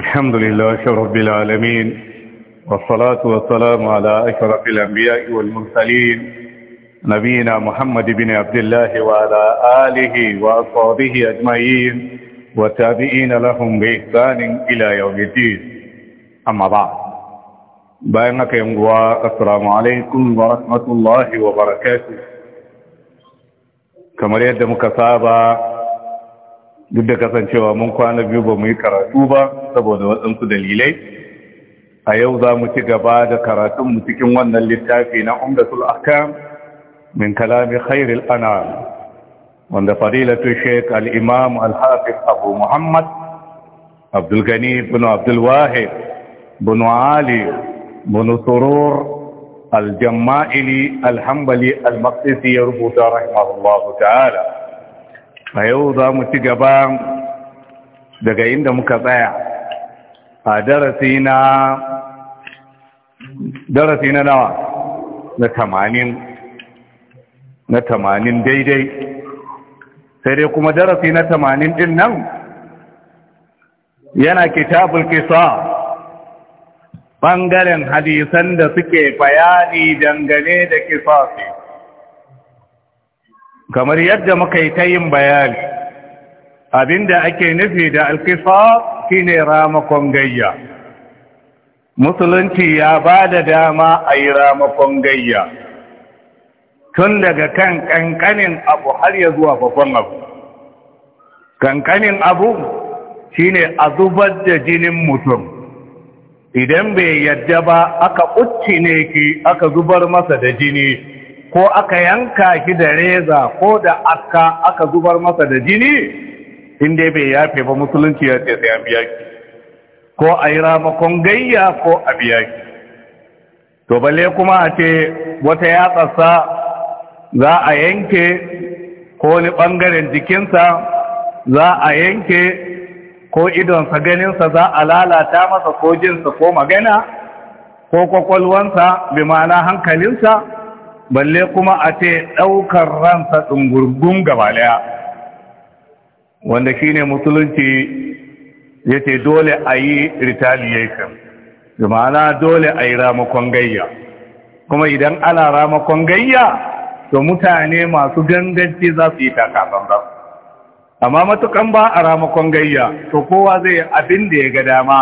الحمد لله رب العالمين والصلاة والسلام على أشرف الأنبياء والمرسلين نبينا محمد بن عبد الله وعلى آله وأصحابه أجمعين وتابعين لهم بإحسان إلى يوم الدين أما بعد بينك يمغوا السلام عليكم ورحمة الله وبركاته كما يدمك صابا duk da kasancewa mun kwana biyu ba mu yi karatu ba saboda waɗansu dalilai a yau za mu ci gaba da karatunmu cikin wannan littafi na umdatul ahkam min kalami khairul anam wanda fadilatu sheik al-imam al-hafiz abu muhammad abdul gani ibn abdul wahid ibn ali ibn surur al-jamma'ili al-hanbali al-maqdisi ya rubuta rahimahullah ta'ala a yau za mu ci gaba daga inda muka tsaya a darasi na nawa na tamanin na tamanin daidai sai dai kuma darasi na tamanin din nan yana kitabul kisa ɓangaren hadisan da suke bayani dangane da kisasi kamar yadda muka yi ta yin bayani abinda ake nufi da alkisa shine ramakon gayya musulunci ya ba da dama a yi ramakon gayya tun daga kan kankanin abu har ya zuwa babban abu kankanin abu shine a zubar da jinin mutum idan bai yadda ba aka ucci ne ki aka zubar masa da jini ko aka yanka shi da reza ko da aska aka zubar masa da jini inda bai yafe ba musulunci ya ce sai a biya ki ko a yi ramakon gayya ko a biya ki to balle kuma a ce wata yatsarsa za a yanke ko wani ɓangaren jikinsa za a yanke ko idonsa ganinsa za a lalata masa ko jinsa ko magana ko kwakwalwansa bi ma'ana hankalinsa balle kuma a ce ɗaukar ransa ɗungurgun gaba daya wanda shine musulunci ya ce dole a yi retaliation ma'ana dole a yi ramakon gayya kuma idan ana ramakon gayya to mutane masu ganganci za su yi takasan ba amma matukan ba a ramakon gayya to kowa zai yi abin da ya ga dama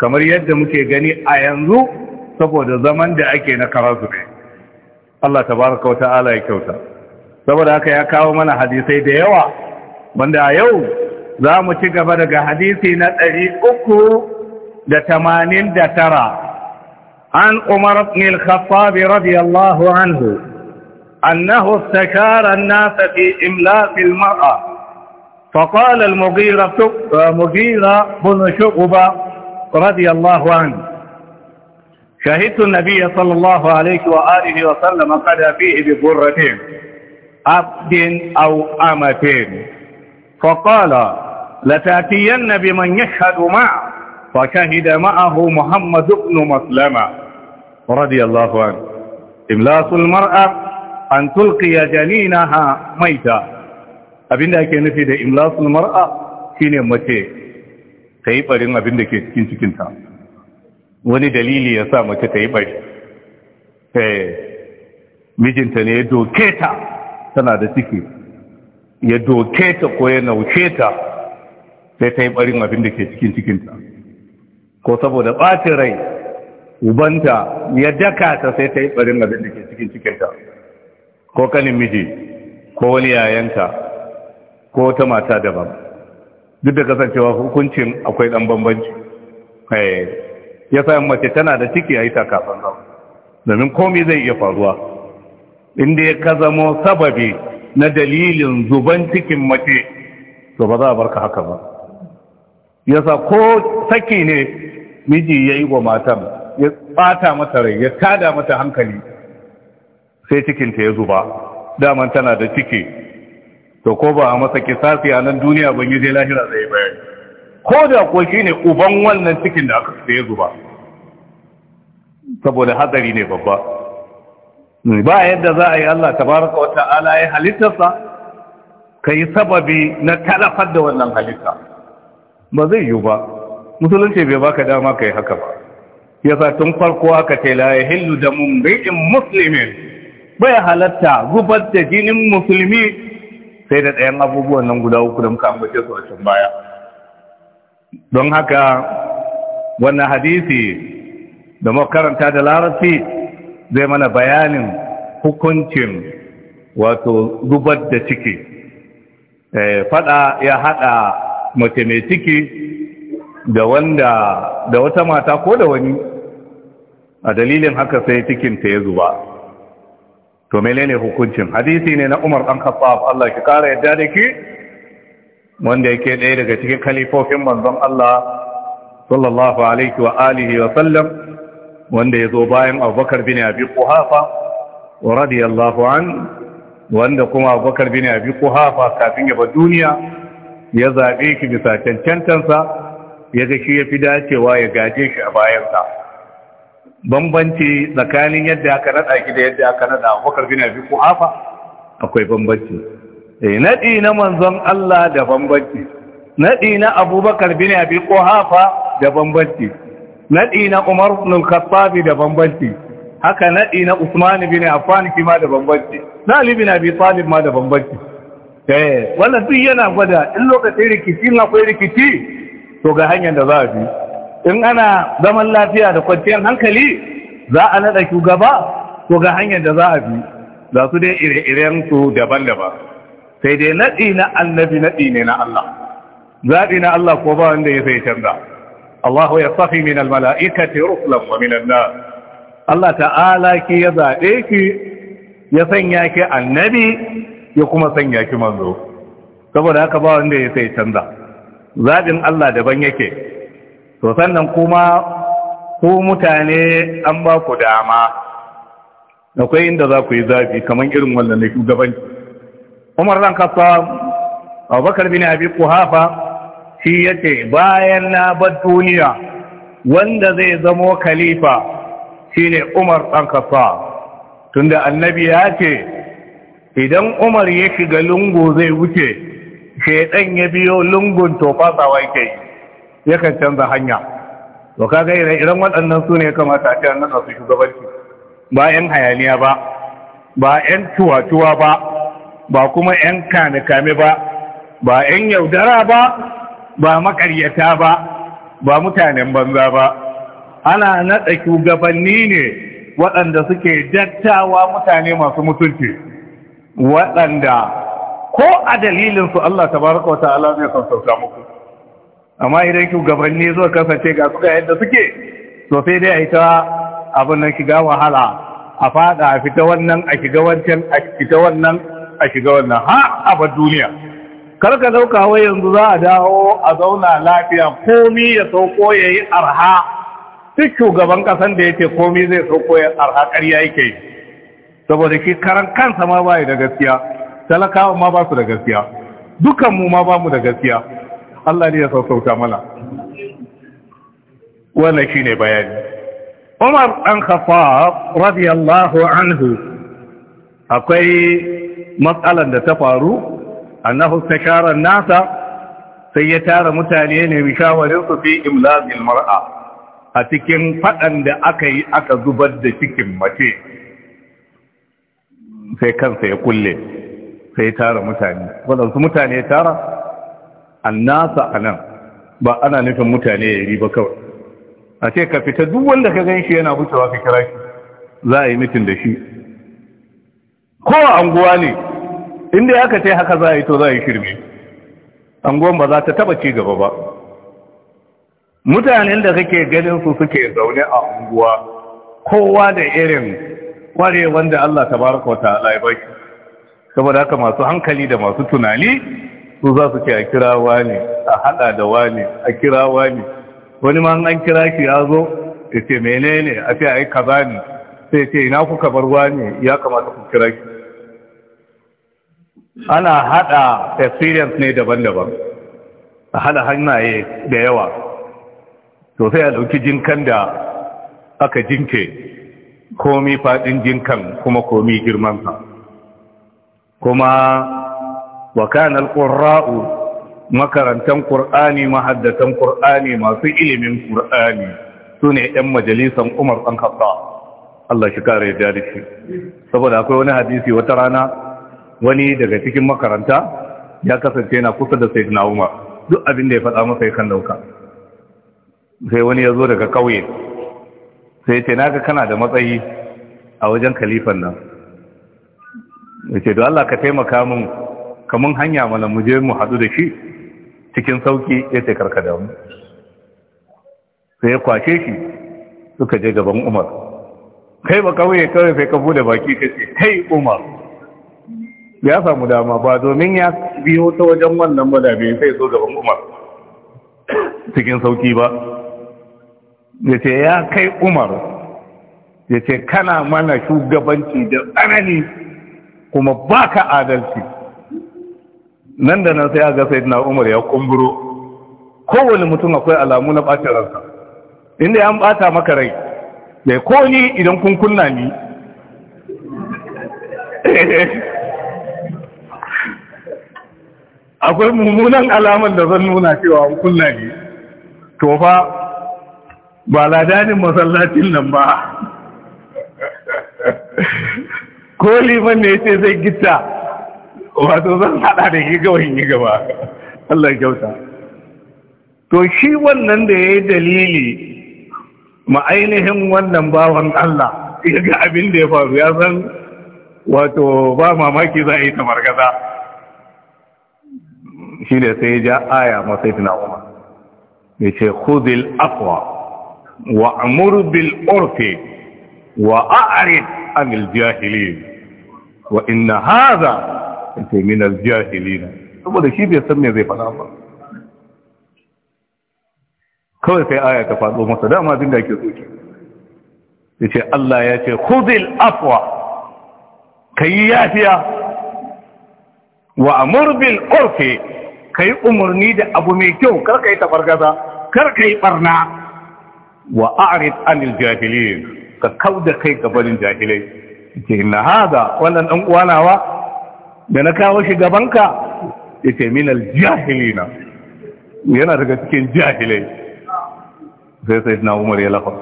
kamar yadda muke gani a yanzu saboda zaman da ake na karar ne Allah tabaraka wa ta'ala ya kyauta saboda haka ya kawo mana hadisai da yawa wanda a yau za mu ci gaba daga hadisi na ɗari uku da tamanin da tara an umar ibn al radiyallahu anhu annahu istakara an-nas fi imla' al فقال المغيرة بن شعبة رضي الله عنه شهدت النبي صلى الله عليه وآله وسلم قد فيه ببرتين عبد أو أمتين فقال لتأتين بمن يشهد معه فشهد معه محمد بن مسلمة رضي الله عنه إملاس المرأة أن تلقي جنينها ميتا أبين ذلك نفيد إملاس المرأة mar'a shine كيف ta yi barin abinda wani dalili ya sa mace ta yi bari eh, mijinta ne ya doke ta tana da ciki ya doke ta ko ya nauke ta sai ta yi barin abin da ke cikin cikinta ko saboda ɓacin rai ubanta ya daka ta sai ta yi barin abin da ke cikin cikinta ko kanin miji ko wani yayanta ko ta mata daban duk da kasancewa hukuncin akwai ɗan bambanci eh, ya sa mace tana da ciki a yi ta kafin domin komai zai iya faruwa inda ya ka zamo sababi na dalilin zuban cikin mace to ba za a barka haka ba Ya sa ko saki ne miji ya yi wa matan ya bata mata rai ya tada mata hankali sai cikinta ya zuba daman tana da ciki to ko ba a masa kisasi a nan duniya ban yi zai lahira zai bayani ko da kuwa shi ne uban wannan cikin da aka ya zuba saboda hadari ne babba ba yadda za a yi Allah tabaraka wa ta'ala ya halittarsa ka yi sababi na talafar da wannan halitta ba zai yiwu ba musulunci bai baka dama ka yi haka ba Ya sa tun farko aka ce la Hindu da mumbi'in musulmin bai halatta zubar da jinin musulmi sai da ɗayan abubuwan nan guda uku da muka ambace su a can baya don haka wannan hadisi da makaranta da larabci zai mana bayanin hukuncin wato zubar da ciki eh, fada ya hada mace mai ciki da wanda da wata mata ko da wani a dalilin haka sai cikin ta ya zuba to menene hukuncin hadisi ne na Umar dan Khattab Allah ki ƙara yadda da ki wanda yake ɗaya daga cikin kalifofin manzon Allah sallallahu alaihi wa alihi wa sallam wanda ya zo bayan abubakar bin abi kuhafa radiyallahu an wanda kuma abubakar bin abi kuhafa kafin ya ba duniya ya zaɓe ki bisa cancantansa ya ga shi ya fi dacewa ya gaje shi a bayansa bambanci tsakanin yadda aka naɗa ki da yadda aka naɗa abubakar bin abi kuhafa akwai bambanci Eh, naɗi na manzon Allah da bambanci naɗi na abubakar bin abi kohafa da bambanci naɗi na umar bin khattabi da bambanci haka naɗi na usman bin affan ma da bambanci na ali bin abi talib ma da bambanci eh wannan duk yana gwada in lokacin rikici na akwai rikici to ga hanyar da za a bi in ana zaman lafiya da kwanciyar hankali za a naɗa shugaba to ga hanyar da za a bi za su dai ire-iren su daban-daban sai dai naɗi na annabi naɗi ne na Allah zaɓi na Allah ko ba wanda ya sai canza Allahu ya safi min almala'ikati ruslan wa min annas Allah ta'ala ki ya zaɓe ki ya sanya ki annabi ya kuma sanya ki manzo saboda haka ba wanda ya sai canza zaɓin Allah daban yake to sannan kuma ku mutane an ba ku dama akwai inda za ku yi zaɓi kamar irin wannan na shugabanci umar zan kasa abubakar bin abi kuhafa shi ya ce bayan na bar duniya wanda zai zamo khalifa shine umar ɗan kasa tunda annabi ya ce idan umar ya shiga lungu zai wuce shaidan ya biyo lungun to fasawa yake yakan canza hanya to kaga irin irin waɗannan su ne kamata a ce annan su shugabanci ba 'yan hayaniya ba ba 'yan cuwa-cuwa ba ba kuma ‘yan kame-kame ba ba ‘yan yaudara ba ba makaryata ba ba mutanen banza ba ana naɗa shugabanni ne waɗanda suke dattawa mutane masu mutunci waɗanda ko a dalilinsu Allah tabaraka wa ta'ala zai son sauka muku amma idan shugabanni zuwa kasance ga suka yadda suke to sai dai a yi ta abin nan shiga wahala a fada a fita wannan a shiga wancan a fita wannan a shiga wannan ha a bar duniya kar ka dauka wai yanzu za a dawo a zauna lafiya komi ya sauko ya yi arha duk shugaban kasan da yake komi zai sauko ya arha ƙarya yake yi saboda shi karan kansa ma ba da gaskiya talakawa ma ba su da gaskiya dukan mu ma ba mu da gaskiya Allah ne ya sassauta mana wannan shine bayani Umar an khafa radiyallahu anhu akwai matsalan da ta faru annahu sakaran nasa sai ya tara mutane ne mikawarin su fi imlazil mar'a a cikin faɗan da aka yi aka zubar da cikin mace sai kansa ya kulle sai ya tara mutane waɗansu mutane ya tara annasa anan ba ana nufin mutane ya yi ba kawai a ce ka fita duk wanda ka gan shi yana wucewa ka kira shi za a yi mitin da shi ko anguwa ne inda aka ce haka za a yi to za a yi shirme anguwan ba za ta taba ci gaba ba mutanen da kake ganin su suke zaune a anguwa, kowa da irin kware wanda Allah tabaraka wa ta'ala ya baki saboda haka masu hankali da masu tunani su za su ce a kira wani a hada da wani a kira wani wani ma an kira shi ya zo ya ce menene a ce ai kaza ne sai ce ina kuka bar wani ya kamata ku kira shi ana hada experience ne daban-daban a hada hannaye da yawa to sai a ɗauki jinkan da aka jinke komi faɗin jinkan kuma komi girmansa kuma wakan alqurra'u makarantan qur'ani mahaddatan qur'ani masu ilimin qur'ani sune ɗan majalisan Umar ɗan Khattab Allah shi kare ya shi saboda akwai wani hadisi wata rana wani daga cikin makaranta ya kasance yana kusa da na Umar duk abin da ya faɗa masa ya kan dauka sai wani ya zo daga kauye sai ce ga kana da matsayi a wajen kalifan nan Mace don Allah ka taimaka min kamun hanya mana mu je mu haɗu da shi cikin sauki yace karka da mu sai ya kwashe shi suka je gaban Umar kai ba ƙauye kawai sai ka bude baki ka ce kai Umar ya samu dama ba domin ya biyo ta wajen wannan madabe sai zo gaban umar cikin sauki ba ya ce ya kai umar ya ce kana mana shugabanci da tsanani kuma ba ka adalci nan da nan sai aga sai na umar ya kumburo kowane mutum akwai alamu na ɓacin ransa inda ya ɓata maka rai yai ko ni idan kun kunna ni akwai mummunan alaman da zan nuna cewa an kunna ne to fa ba ladanin masallacin nan ba ko liman ne ce zai gita wato zan hada da yi gawa yi gaba Allah kyauta to shi wannan da ya yi dalili ma'ainihin wannan bawan Allah ya ga abin da ya faru ya san wato ba mamaki za a yi tamargaza shi ne sai ja aya masai tuna umar ya ce khudil akwa wa amur bil urfi wa a'rid anil jahilin wa inna hadha ta min al jahilin saboda shi bai san me zai fada ba kawai sai aya ta faɗo masa dama abin da ake so ke ya ce Allah ya ce khudil afwa kayi yafiya wa amur bil urfi ka yi umarni da abu mai kyau kar ka yi tafargaza kar ka yi barna wa a'rid anil jahilin ka kauda kai gabanin jahilai ce inna hada wannan dan uwanawa da na kawo shi gabanka yace minal jahilina yana daga cikin jahilai sai sai na umar ya lafa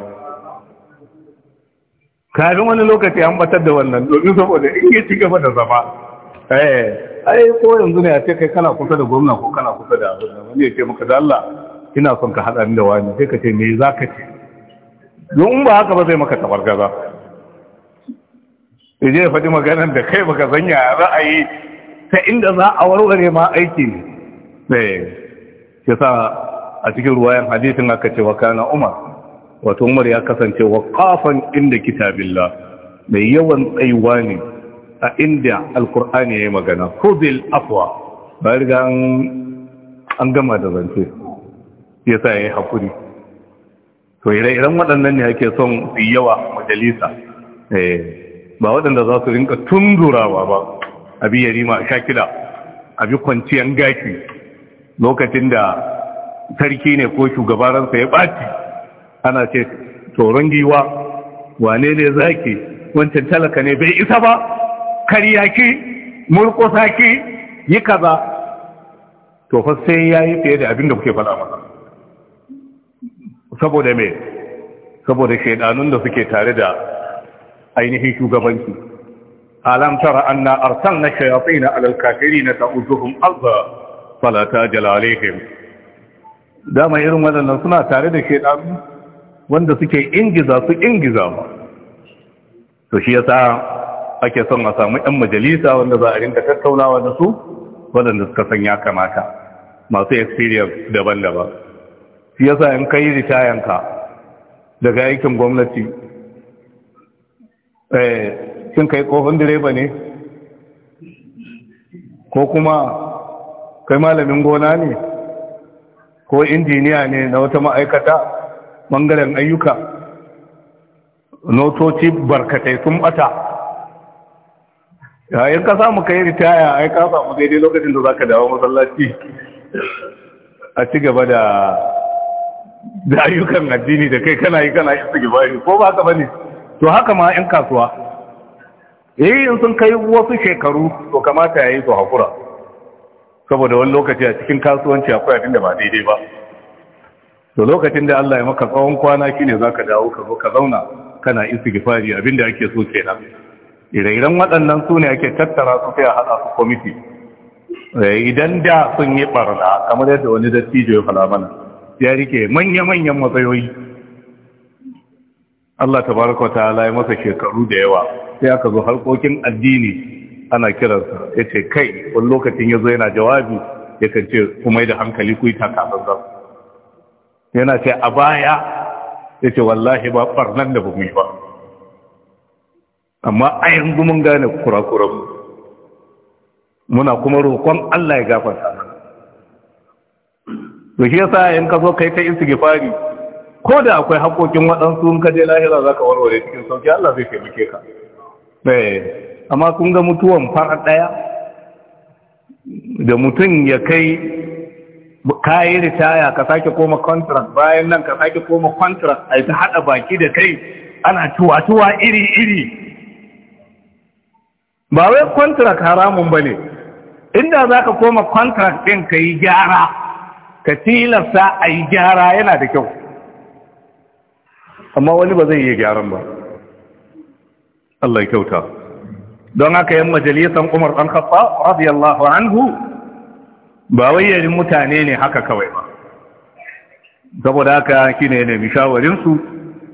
kafin wani lokaci an batar da wannan domin saboda in ya ci gaba da zama eh ai ko yanzu ne a ce kai kana kusa da gwamna ko kana kusa da abin da wani ya ce maka da Allah ina son ka haɗa ni da wani sai ka ce me za ka ce don ba haka ba zai maka tabargaza ya je faɗi maganar da kai baka zanya ra'ayi ta inda za a warware ma aiki ne eh, sai ya sa a cikin ruwayan hadisin aka ce wa kana umar wato umar ya kasance wa kafan inda kitabillah mai yawan tsayuwa ne a inda alkur'ani ya yi magana ko bil afwa ba riga an gama da zance ya sa ya yi haƙuri to ire waɗannan ne ake son su yawa majalisa eh, ba waɗanda za su rinka tundurawa ba A biya rima a shakila bi kwanciyar gashi. lokacin da sarki ne ko shugabaransa ya ɓaci ana ce tsoron giwa wane ne zaki wancan talaka ne bai isa ba karya ki murkusa ki yi kaza to fa sai yayi fiye da abin da kuke faɗa masa saboda me saboda shaidanun da suke tare da ainihin shugabanci alam tara anna arsalna shayatin ala alkafirin ta'uduhum azza fala tajal alaihim dama irin waɗannan suna tare da shaidanu wanda suke ingiza su ingiza ma to shi yasa ake son a samu 'yan majalisa wanda za a rinka tattaunawa da su waɗanda suka san ya kamata masu experience daban-daban shi yasa in kai ritayanka daga aikin gwamnati eh kin kai kofin direba ne ko kuma kai malamin gona ne ko injiniya ne na wata ma'aikata ɓangaren ayyuka notoci barkatai sun bata yayin ka samu kai ritaya ai ka samu daidai lokacin da zaka dawo masallaci a ci gaba da da ayyukan addini da kai kana yi kana istighfari ko ba ka bane to haka ma yan kasuwa eh in sun kai wasu shekaru to kamata yayi su hakura saboda wani lokaci a cikin kasuwanci akwai abin da ba daidai ba to lokacin da Allah ya maka tsawon kwana shine zaka dawo ka zo ka zauna kana istighfari abinda ake so kenan ire-iren waɗannan su ne ake tattara su sai a haɗa su kwamiti eh, idan da sun yi ɓarna kamar yadda wani dattijo ya fala mana ya rike manya-manyan matsayoyi Allah ta baraka ta ala ya masa shekaru da yawa sai aka zo harkokin addini ana kiransa ya ce kai wani lokacin ya zo yana jawabi ya kan ce kuma da hankali ku yi takasar yana ce a baya ya ce wallahi ba ɓarnan da ba mu ba amma a yanzu mun gane kurakuran muna kuma roƙon Allah ya gafarta to shi yasa in ka zo kai ta istighfari ko da akwai haƙoƙin waɗansu in ka je lahira za ka warware cikin sauki Allah zai taimake ka eh, amma kun ga mutuwan fara ɗaya da mutum ya kai kayi ritaya ka sake koma contract bayan nan ka sake koma contract a ta haɗa baki da kai ana tuwa-tuwa iri-iri ba wai contract haramun ba ne inda za ka koma contract ɗin ka yi gyara ka tilasta a yi gyara yana da kyau amma wani ba zai yi gyaran ba Allah ya kyauta don haka yan majalisan Umar ɗan kafa? radiyallahu anhu ba wai yarin mutane ne haka kawai ba saboda haka shi ne nemi shawarinsu, tun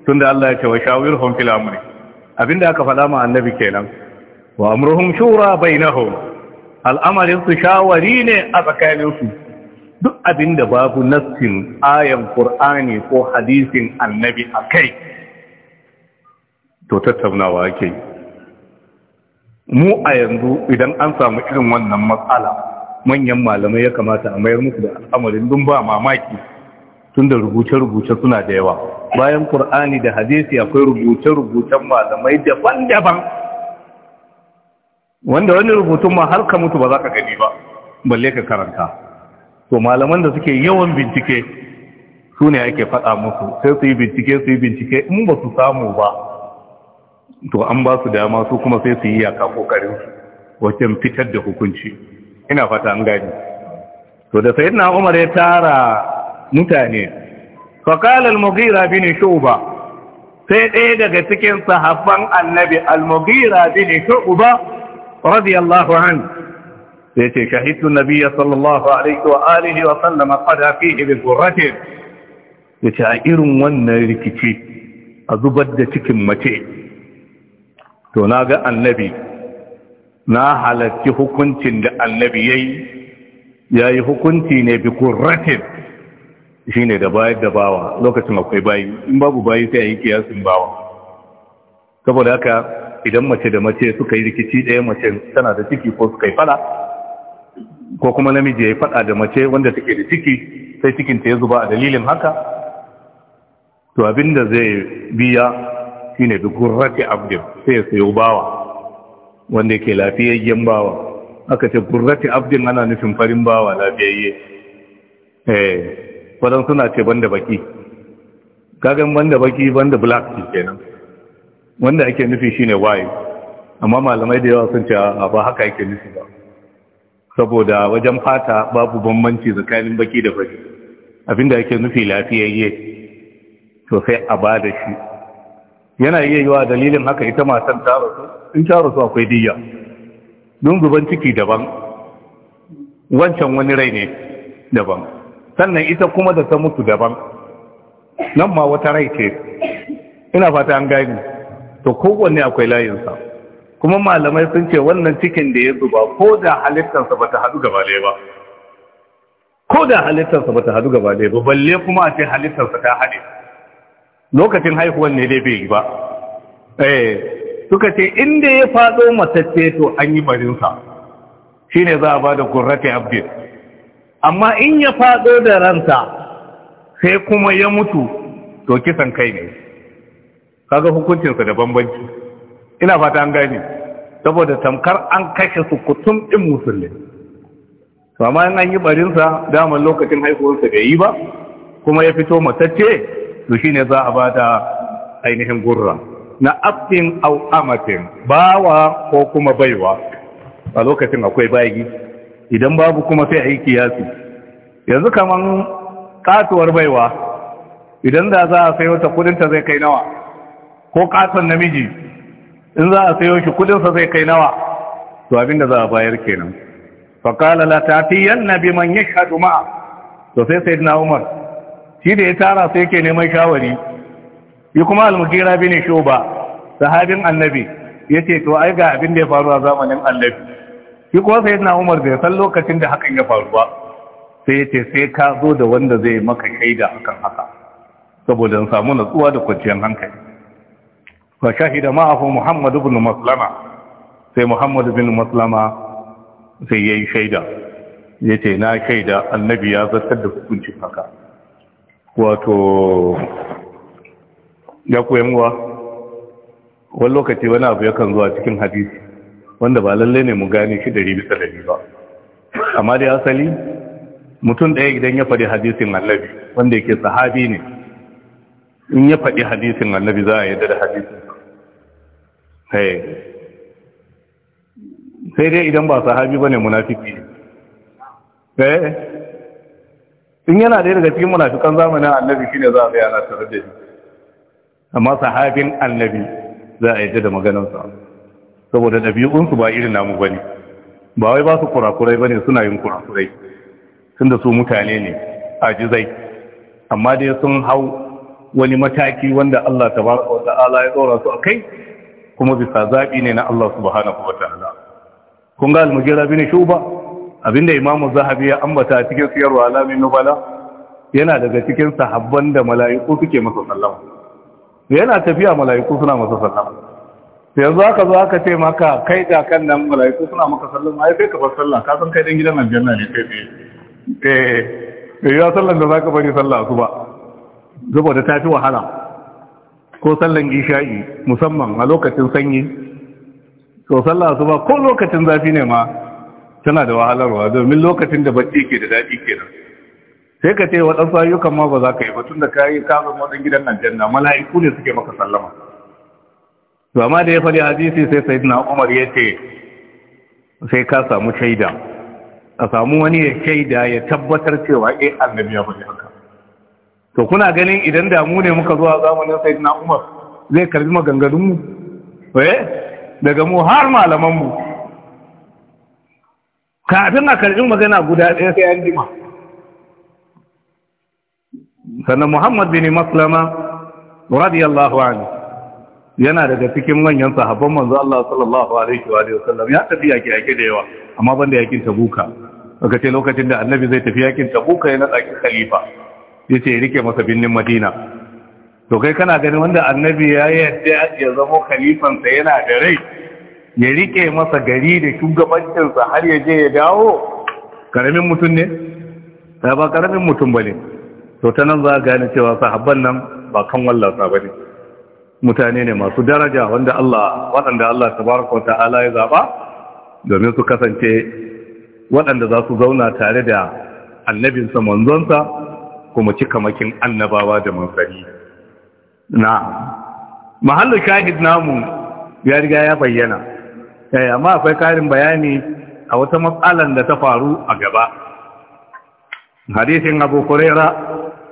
tunda Allah ya ce wa hankila fil amri abinda aka faɗa ma annabi kenan wa amruhum shura bainahum al'amarin su shawari ne a tsakaninsu duk abinda babu nassin ayan qur'ani ko hadisin annabi akai to tattaunawa yake mu a yanzu idan an samu irin wannan matsala manyan malamai ya kamata a mayar musu da al'amarin dun ba mamaki tun da rubuce-rubuce suna da yawa bayan ƙur'ani da hadisi akwai rubuce-rubucen malamai daban-daban wanda wani rubutun ma har ka mutu ba za ka gani ba balle ka karanta to malaman da suke yawan bincike su ne ake faɗa musu sai su yi bincike su yi bincike in ba su samu ba to an ba su dama su kuma sai su yi yaka kokarin wajen fitar da hukunci ina fata an gani to da sayyidina Umar ya tara mutane fa qala al-Mughira bin Shu'ba sai ɗaya daga cikin sahabban Annabi al-Mughira bin Shu'ba radiyallahu an sai ce shahidtu nabiyya sallallahu alaihi wa alihi wa sallama qada fihi bi qurrati yace a irin wannan rikici a zubar da cikin mace to na ga annabi na halarci hukuncin da annabi yayi yayi hukunci ne bi qurrati shine da bayar da bawa lokacin akwai bayi in babu bayi sai a yi kiyasin bawa saboda haka idan mace da mace suka yi rikici ɗaya mace tana da ciki ko suka yi fada ko kuma namiji ya yi fada da mace wanda take da ciki sai cikinta ya zuba a dalilin haka to abinda zai biya shine duk gurrati abdin sai ya sayo bawa wanda yake lafiyayyen bawa aka ce gurrati abdin ana nufin farin bawa lafiyayye eh wadan suna ce banda baki kagan banda baki banda black kenan wanda ake nufi shine wayo amma malamai da yawa sun ce ba haka yake nufi ba saboda wajen fata babu bambanci tsakanin baki da fari abinda ake nufi lafiyayye to sai a ba da shi yana iya yiwa dalilin haka ita matan ta rasu in ta rasu akwai diyya don zuban ciki daban wancan wani rai ne daban sannan ita kuma da ta mutu daban nan ma wata rai ce ina fata an gani to kowanne akwai layinsa kuma malamai sun ce wannan cikin da ya zuba ko da halittarsa ba ta haɗu gaba ɗaya ba ko da halittarsa ba ta haɗu gaba ɗaya ba balle kuma a ce halittarsa ta haɗe lokacin haihuwan ne dai bai yi ba eh suka ce inda ya faɗo matacce to an yi barinsa shi ne za a ba da gurrati abdi amma in ya faɗo da ranta sai kuma ya mutu to kisan kai ne kaga hukuncinsa da bambanci ina fata an gane saboda tamkar an kashe su kutum din musulmi to amma an yi barinsa daman lokacin haihuwarsa da yi ba kuma ya fito matacce to shine za a bata ainihin gurra na abdin au amatin bawa ko kuma baiwa a lokacin akwai bayi idan babu kuma sai a yi kiyasi yanzu kaman katuwar baiwa idan da za a sayo ta kudinta zai kai nawa ko katon namiji in za a sayo shi kudinsa zai kai nawa to abinda za a bayar kenan faƙala la fi na bi man shaɗu ma'a to sai na Umar shi da ya tara sai yake neman shawari yi kuma al ne shoba shuba sahabin annabi yace to ai ga abin da ya faru a zamanin annabi shi kuma na Umar ya san lokacin da hakan ya faru ba sai yace sai ka zo da wanda zai maka shaida hakan haka saboda samu natsuwa da kwanciyar hankali فشهد معه محمد بن مسلمة Maslama sai بن مسلمة Maslama sai شيدا shaida نا na shaida annabi ya zartar da hukuncin haka wato ya koyan wani lokaci wani abu yakan zuwa cikin hadisi wanda ba lalle ne mu gane shi da ribi dari ba amma dai asali mutum ɗaya idan ya faɗi hadisin annabi wanda yake sahabi ne in ya faɗi hadisin annabi za a yadda da hadisin sai dai idan ba sahabi bane munafiki ne eh in yana da daga cikin munafikan zamanin annabi shine za a ga yana tare da shi amma sahabin annabi za a yi da maganarsa saboda ɗabi'unsu ba irin namu bane ba wai ba su kurakurai bane suna yin kurakurai da su mutane ne a zai. amma dai sun hau wani mataki wanda Allah tabaraka wa ta'ala ya tsora su akai kuma bisa zaɓi ne na Allah subhanahu wa ta'ala kun ga almujira bin shuba abinda imamu zahabi ya ambata cikin siyarwa alamin nubala yana daga cikin sahabban da mala'iku suke masa sallama yana tafiya mala'iku suna masa sallama yanzu haka zo aka ce maka kai da kan nan mala'iku suna maka sallama ai sai ka bar sallah ka san kai dan gidan aljanna ne kai eh eh ya sallan da za ka bari sallah su ba saboda ta fi wahala ko sallan isha'i musamman a lokacin sanyi to sallah asuba ko lokacin zafi ne ma tana da wahalarwa domin lokacin da bacci ke da daɗi nan. sai ka ce waɗansu ayyukan ma ba za ka yi ba tun da ka yi kafin waɗin gidan nan janna. mala'iku ne suke maka sallama to amma da ya faɗi hadisi sai sayyidina Umar ya ce sai ka samu shaida a samu wani ya shaida ya tabbatar cewa eh annabi ya faɗi haka to kuna ganin idan damu ne muka zuwa zamanin sai na umar zai karbi maganganunmu eh daga mu har malamanmu kafin a karbi magana guda ɗaya sai an jima sannan muhammad bin maslama radiyallahu anhu yana daga cikin manyan sahabban manzo Allah sallallahu alaihi wa sallam ya tafi yaki yaki da yawa amma banda yakin tabuka aka ce lokacin da annabi zai tafi yakin tabuka yana tsakin khalifa ya ce rike masa binnin madina to kai kana ganin wanda annabi ya yadda ya zama khalifansa yana da rai ya rike masa gari da shugabancinsa har ya je ya dawo karamin mutum ne ba karamin mutum bane. ne to ta nan za a gane cewa sahabban nan ba kan wallasa ba ne mutane ne masu daraja wanda Allah waɗanda Allah tabaraka ta'ala ya zaba domin su kasance waɗanda za su zauna tare da annabinsa manzonsa kuma cika makin annabawa da manzari na mahallin shahid namu ya riga ya bayyana amma akwai karin bayani a wata matsalan da ta faru a gaba hadisin abu kuraira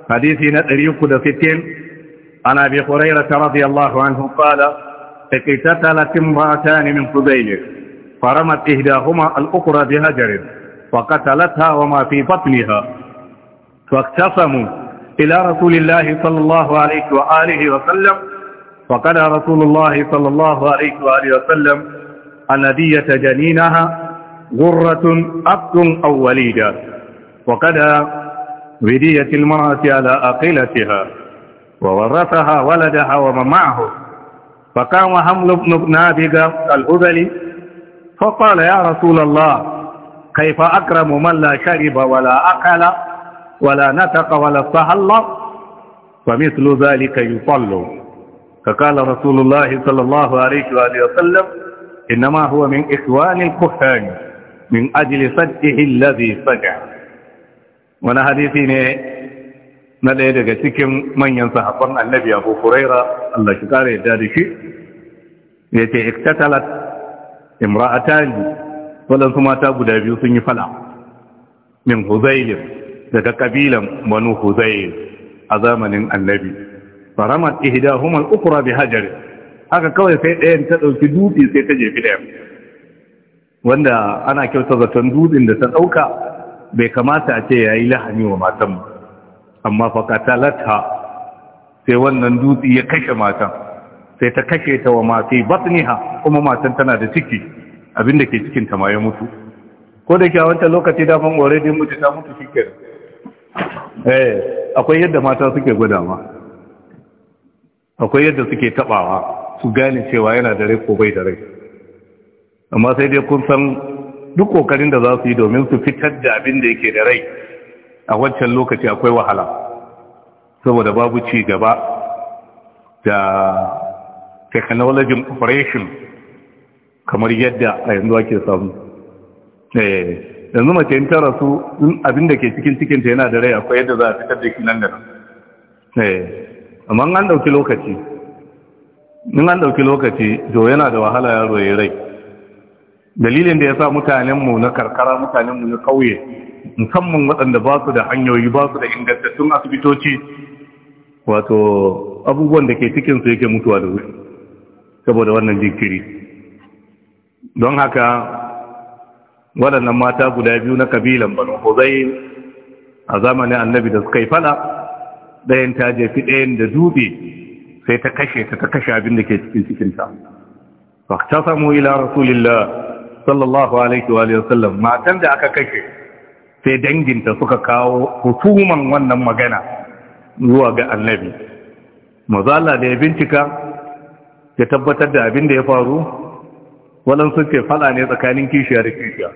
hadisi na 360 ana bi kuraira ta radiyallahu anhu qala اقتتلت امرأتان من قبيل فرمت إهداهما الأخرى بهجر فقتلتها وما في بطنها واقتسموا إلى رسول الله صلى الله عليه وآله وسلم وقال رسول الله صلى الله عليه وآله وسلم أن دية جنينها غرة أبد أو وليدة وقد بدية المرأة على أقلتها وورثها ولدها ومن معه فقام حمل بن نابغة الهذلي فقال يا رسول الله كيف أكرم من لا شرب ولا أكل ولا نتق ولا صهل فمثل ذلك يصل فقال رسول الله صلى الله عليه وآله وسلم إنما هو من إخوان الكهان من أجل صدقه الذي صدع وانا حديثين نلعي لك سكم من ينصح النبي أبو فريرة الله شكاره دارشي يتي اقتتلت امرأتان ولن ثم تابو دابيو سنفلع من هزيل daga kabilan banu huzayl a zamanin annabi faramat ihdahuma al-ukhra bi hajar haka kawai sai ɗayan ta ɗauki dutse sai ta jefi ɗayan wanda ana kyauta zaton dutsen da ta ɗauka bai kamata a ce yayi lahani wa matan amma faqatalata sai wannan dutse ya kashe matan sai ta kashe ta wa mafi batniha kuma matan tana da ciki abinda ke cikin ta ma ya mutu ko da ke a wancan lokaci daman mutu ta mutu shikenan eh akwai yadda mata suke gwada ma akwai yadda suke tabawa su gane cewa yana da rai ko bai da rai amma sai dai kun san duk kokarin da za su yi domin su fitar da abin da yake da rai a wancan lokaci akwai wahala saboda babu ci gaba da technology operation kamar yadda a yanzu ake samu eh. yanzu mace in ta rasu in abin da ke cikin cikinta yana da rai akwai yadda za a fitar da shi nan da nan eh, amma an ɗauki lokaci in an ɗauki lokaci to yana da wahala yaro ya rai dalilin da ya sa mutanenmu na karkara mutanenmu na ƙauye musamman waɗanda ba su da hanyoyi ba su da ingantattun asibitoci wato abubuwan da ke cikinsu yake mutuwa da wuri saboda wannan jinkiri don haka waɗannan mata guda biyu na kabilan banu huzai a zamanin annabi da suka yi fada ɗayan ta jefi ɗayan da dube sai ta kashe ta ta kashe abin da ke cikin cikinta Ba ta samu ila rasulillah sallallahu alaihi wa sallam matan da aka kashe sai danginta suka kawo hutuman wannan magana zuwa ga annabi mazala da ya bincika ya tabbatar da abin da ya faru waɗansu ce faɗa ne tsakanin kishiya da kishiya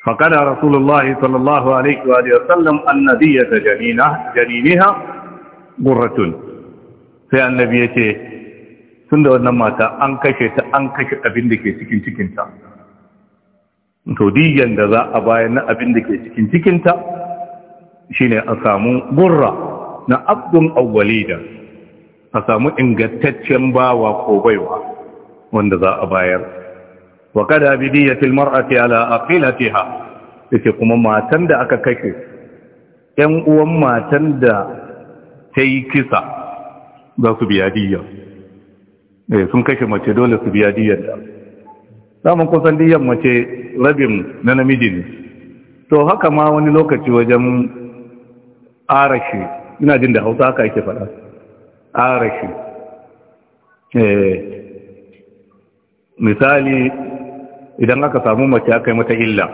فقال رسول sallallahu alaihi الله عليه وآله وسلم النبية جنينة جنينها قرة sai annabi ya ce tun da wannan mata an kashe ta an kashe abin da ke cikin cikinta to diyan da za a bayan na abin da ke cikin cikinta shine a samu gurra na abdun awwalida a samu ingantaccen bawa ko baiwa wanda za a bayar wa kada bidiyatil mar'ati ala aqilatiha ce kuma matan da aka kashe ɗan uwan matan da ta yi kisa za su biya diyya eh sun kashe mace dole su biya diyyar da daman kusan diyya mace rabin na namiji ne to haka ma wani lokaci wajen arashi ina jin da hausa haka yake faɗa arashi eh misali idan aka samu mace aka yi mata illa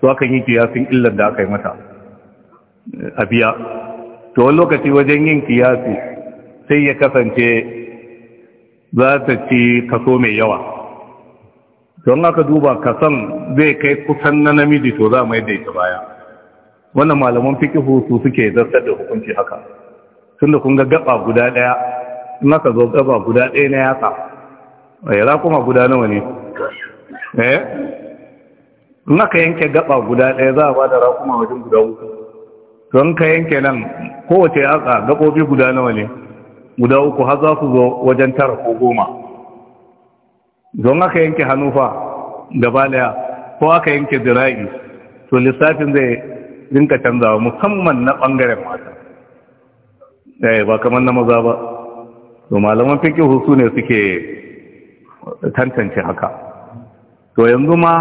to aka yi kiyasin illar da aka yi mata a biya to wani lokaci wajen yin kiyasi sai ya kasance za ta ci kaso mai yawa don aka duba kasan zai kai kusan na namiji to za mai ita baya wannan malaman fikihu su suke zartar da hukunci haka tunda kun ga gaba guda ɗaya, in aka zo gaba guda ɗaya na yasa ya eh, raƙuma guda nawa ne eh in aka yanke gaba guda ɗaya za a ba da raƙuma wajen guda uku don ka yanke nan kowace yatsa gaɓoɓi guda nawa ne guda uku har za su zo wajen tara ko goma don aka yanke hannufa da balaya ko aka yanke zira'i to lissafin zai rinka canzawa musamman na ɓangaren mata ɗaya eh, ba kamar na maza ba to malaman fikin husu ne suke tantance haka to yanzu ma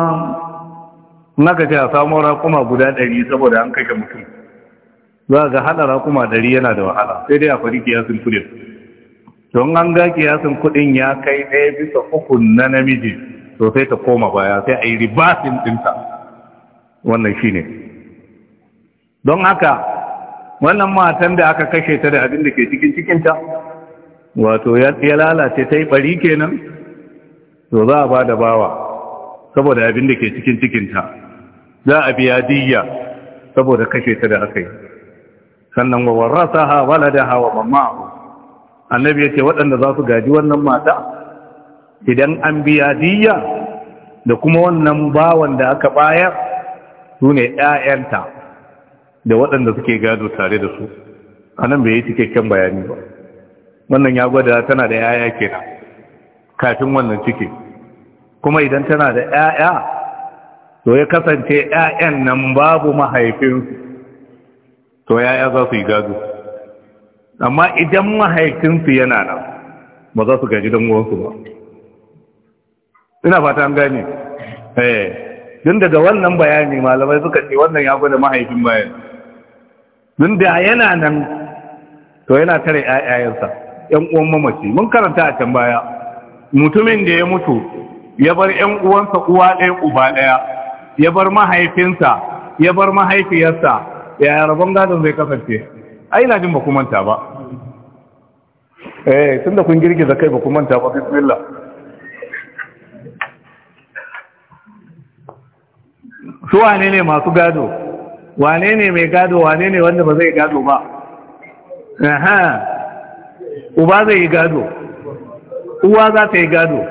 naka ce a samu raƙuma guda ɗari saboda an kashe mutum za ga haɗa raƙuma ɗari yana da wahala sai dai a fari kiyasin kuɗin To an ga kiyasin kuɗin ya kai ɗaya bisa uku na namiji to sai ta koma baya sai a yi ribasin ɗinta wannan shi ne don haka wannan matan da aka kashe ta da abin da ke cikin cikinta wato ya lalace ta yi ɓari kenan to za a bada bawa saboda abin da ke cikin cikinta za a biya diyya saboda kashe ta da aka yi sannan wa warasa ha walada ha wa mamma'u annabi ya ce waɗanda za su gaji wannan mata idan an biya diyya da kuma wannan bawan da aka bayar sune ne ‘ya'yanta da waɗanda suke gado tare da su anan bai yi cikakken bayani ba wannan ya gwada tana da ‘ya'ya kenan kafin wannan ciki kuma idan tana da 'ya'ya to ya kasance 'ya'yan nan babu mahaifinsu to 'ya'ya za su yi gado amma idan mahaifinsu yana nan ba za su gaji don wasu ba ina fata an gane eh din daga wannan bayani malamai suka ce wannan ya gwada mahaifin bayan din da yana nan to yana tare 'ya'yayensa 'yan uwan mamaci mun karanta a can baya mutumin da ya mutu ya bar ‘yan uwansa uwa ɗaya uba ɗaya ya bar mahaifinsa ya bar mahaifiyarsa ya rabon gadon zai kasance ai na jin ba kuma manta ba eh tun da kun girgiza kai ba kuma manta ba bismillah su wane ne masu gado wane ne mai gado wane ne wanda ba zai gado ba aha uba zai yi gado uwa za ta yi gado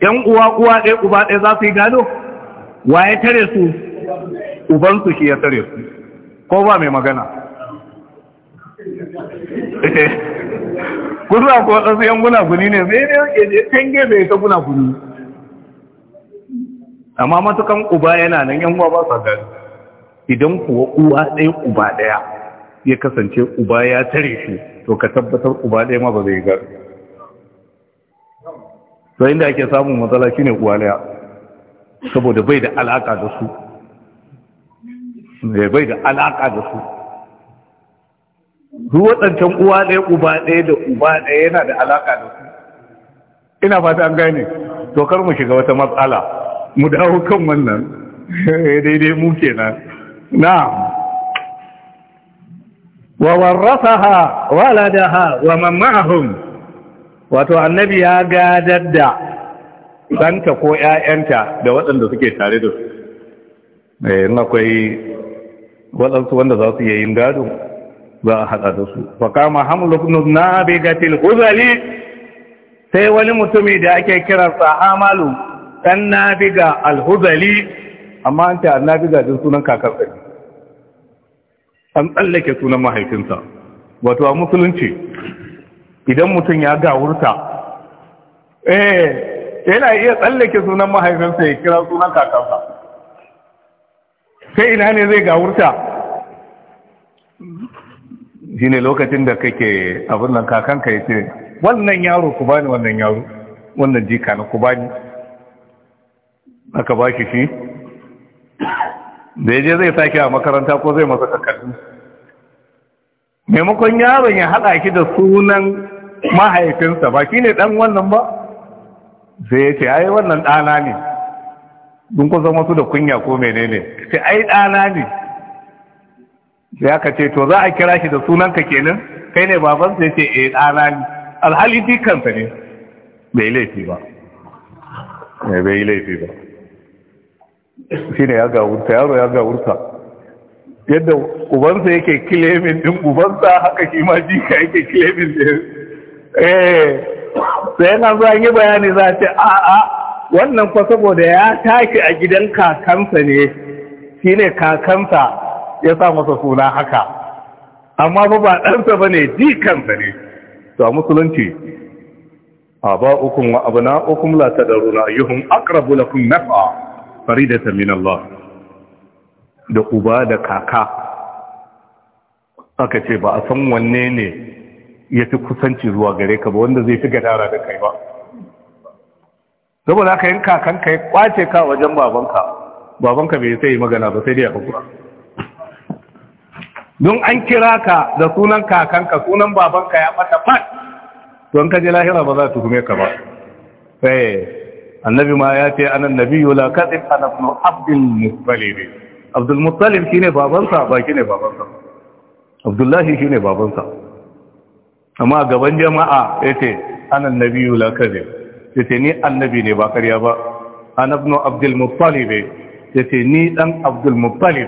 ‘yan uwa uwa ɗaya uba ɗaya za su yi gado wa ya tare su ubansu shi ya tare su ko ba mai magana kuna ko wasu yan gunaguni ne zai ne yake je can gefe ya ta gunaguni amma matukan uba yana nan yan uwa ba sa gado idan kuwa uwa ɗaya uba ɗaya ya kasance uba ya tare shi to ka tabbatar uba ɗaya ma ba zai gado to inda ake samun matsala shine uwalaya saboda bai da alaka da su eh, bai da alaka da su duk waɗancan uwa ɗaya uba ɗaya da uba ɗaya yana da alaka da su ina fata an gane to kar mu shiga wata matsala mu dawo kan wannan eh, daidai mu kenan Na. wa warasaha waladaha wa man ma'ahum wato annabi ya gadar da ɗanta ko ‘ya'yanta da waɗanda suke tare da su eh, in akwai waɗansu wanda za su iya yin gado za a haɗa da su fakama hamlukun na bigatil huzali sai wani mutumi da ake kiransa hamalu ɗan al alhuzali amma an ce an nabiga din sunan kakarsa an tsallake sunan mahaifinsa wato a musulunci idan mutum ya gawurta eh yana iya tsallake sunan mahaifinsa ya kira sunan kakansa sai ina ne zai gawurta shi ne lokacin da kake abin nan kakanka ya ce wannan yaro ku bani wannan yaro wannan jika na ku bani aka ba shi shi da ya je zai sake a makaranta ko zai masa kakarni maimakon yaron ya haɗa shi da sunan mahaifinsa ba shi ne ɗan wannan ba sai ya ce ai wannan ɗana ne dun kusa wasu da kunya ko menene sai ai ɗana ne sai aka ce to za a kira shi da sunanka kenan kai ne baban sai ce eh ɗana ne alhali dikansa ne bai laifi ba eh, bai laifi ba shi ne ya wurta yaro ya wurta yadda ubansa yake kilemin din ubansa haka shi ma jika yake kilemin din eh sai an zo yi bayani za ce a a wannan fa saboda ya tashi a gidan kakansa ne shine kakansa ya sa masa suna haka amma ba ba ɗansa ba ne jikansa ne musulunci a ba ukun wa ukun da runa tadruna ayyuhum aqrabu lakum naf'a Fari da tamin Allah da uba da kaka aka ce ba a san wanne ne ya fi kusanci zuwa gare ka ba wanda zai fi gadara da kai ba saboda haka yin kakanka ya kwace ka wajen babanka babanka bai sai magana ba sai dai a kura. don an kira ka da sunan kakanka sunan babanka ya bata fat don ka je lahira ba za ta kume ka ba sai eh, annabi ma ya ce anan nabiyyu la kadhib ana ibn abdul muttalib abdul muttalib shine babansa ba shine babansa abdullahi shine babansa amma gaban jama'a ya ce anan nabi la kare ya ce ni annabi ne ba karya ba an abnu abdul muttalib ya ce ni dan abdul ne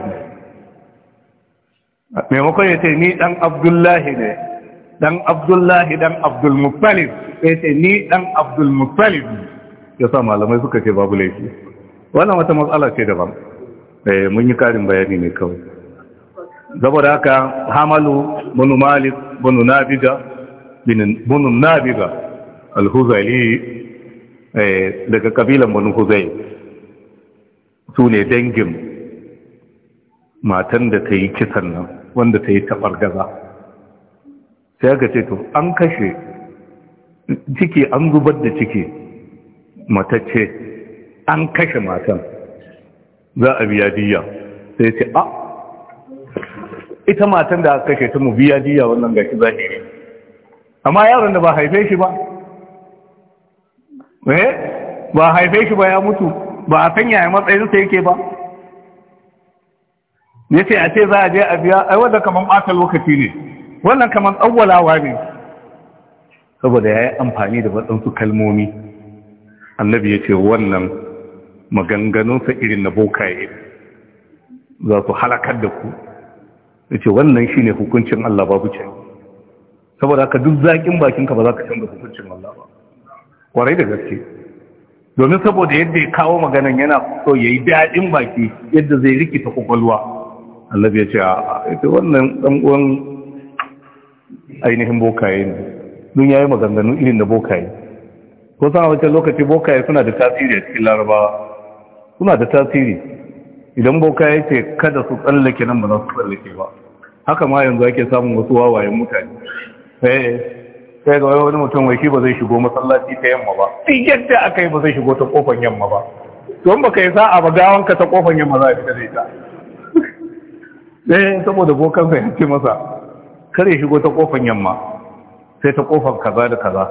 maimakon ya ce ni dan abdullahi ne dan abdullahi dan abdul ya ce ni dan abdul ne. ya sa malamai suka ce babu laifi wannan wata matsala ce daban eh, mun yi karin bayani ne kawai saboda haka hamalu bunu malik bunu nabiga bin nabiga al-huzali eh, daga kabilan banu huzai su ne dangin matan da ta yi kisan nan wanda ta yi gaza. sai aka ce to an kashe ciki an zubar da ciki matacce an kashe matan za a biya diya sai ce a ah, ita matan da aka kashe ta mu biya diya wannan gashi zahiri amma yaron da ba haife shi ba eh ba haife shi ba ya mutu ba a sanya ya matsayinsa yake ba ya ce a ce za a je a biya ai wanda kamar ɓata lokaci ne wannan kaman tsawwalawa ne saboda ya yi amfani da waɗansu kalmomi annabi ya ce wannan maganganunsa irin na bokaye za su halakar da ku ya ce wannan shi ne hukuncin Allah babu canji saboda haka duk zaƙin bakinka ba za ka canza hukuncin Allah ba kwarai da gaske domin saboda yadda ya kawo maganan yana so ya yi daɗin baki yadda zai rikita kwakwalwa Allah ya ce a ita wannan ɗan'uwan ainihin bokaye ne don ya yi maganganu irin da bokaye ko sa wancan lokaci bokaye suna da tasiri a cikin larabawa suna da tasiri idan bokaye ce kada su tsallake nan ba za su tsallake ba haka ma yanzu ake samun wasu wawayen mutane Eh, sai ga wani mutum wai shi ba zai shigo masallaci ta yamma ba duk yadda aka yi ba zai shigo ta kofar yamma ba don baka yi sa'a ba gawan ka ta kofar yamma za a fita da ita Saboda eh, saboda bokan sai ce masa kare shigo ta kofar yamma sai ta kofar kaza da kaza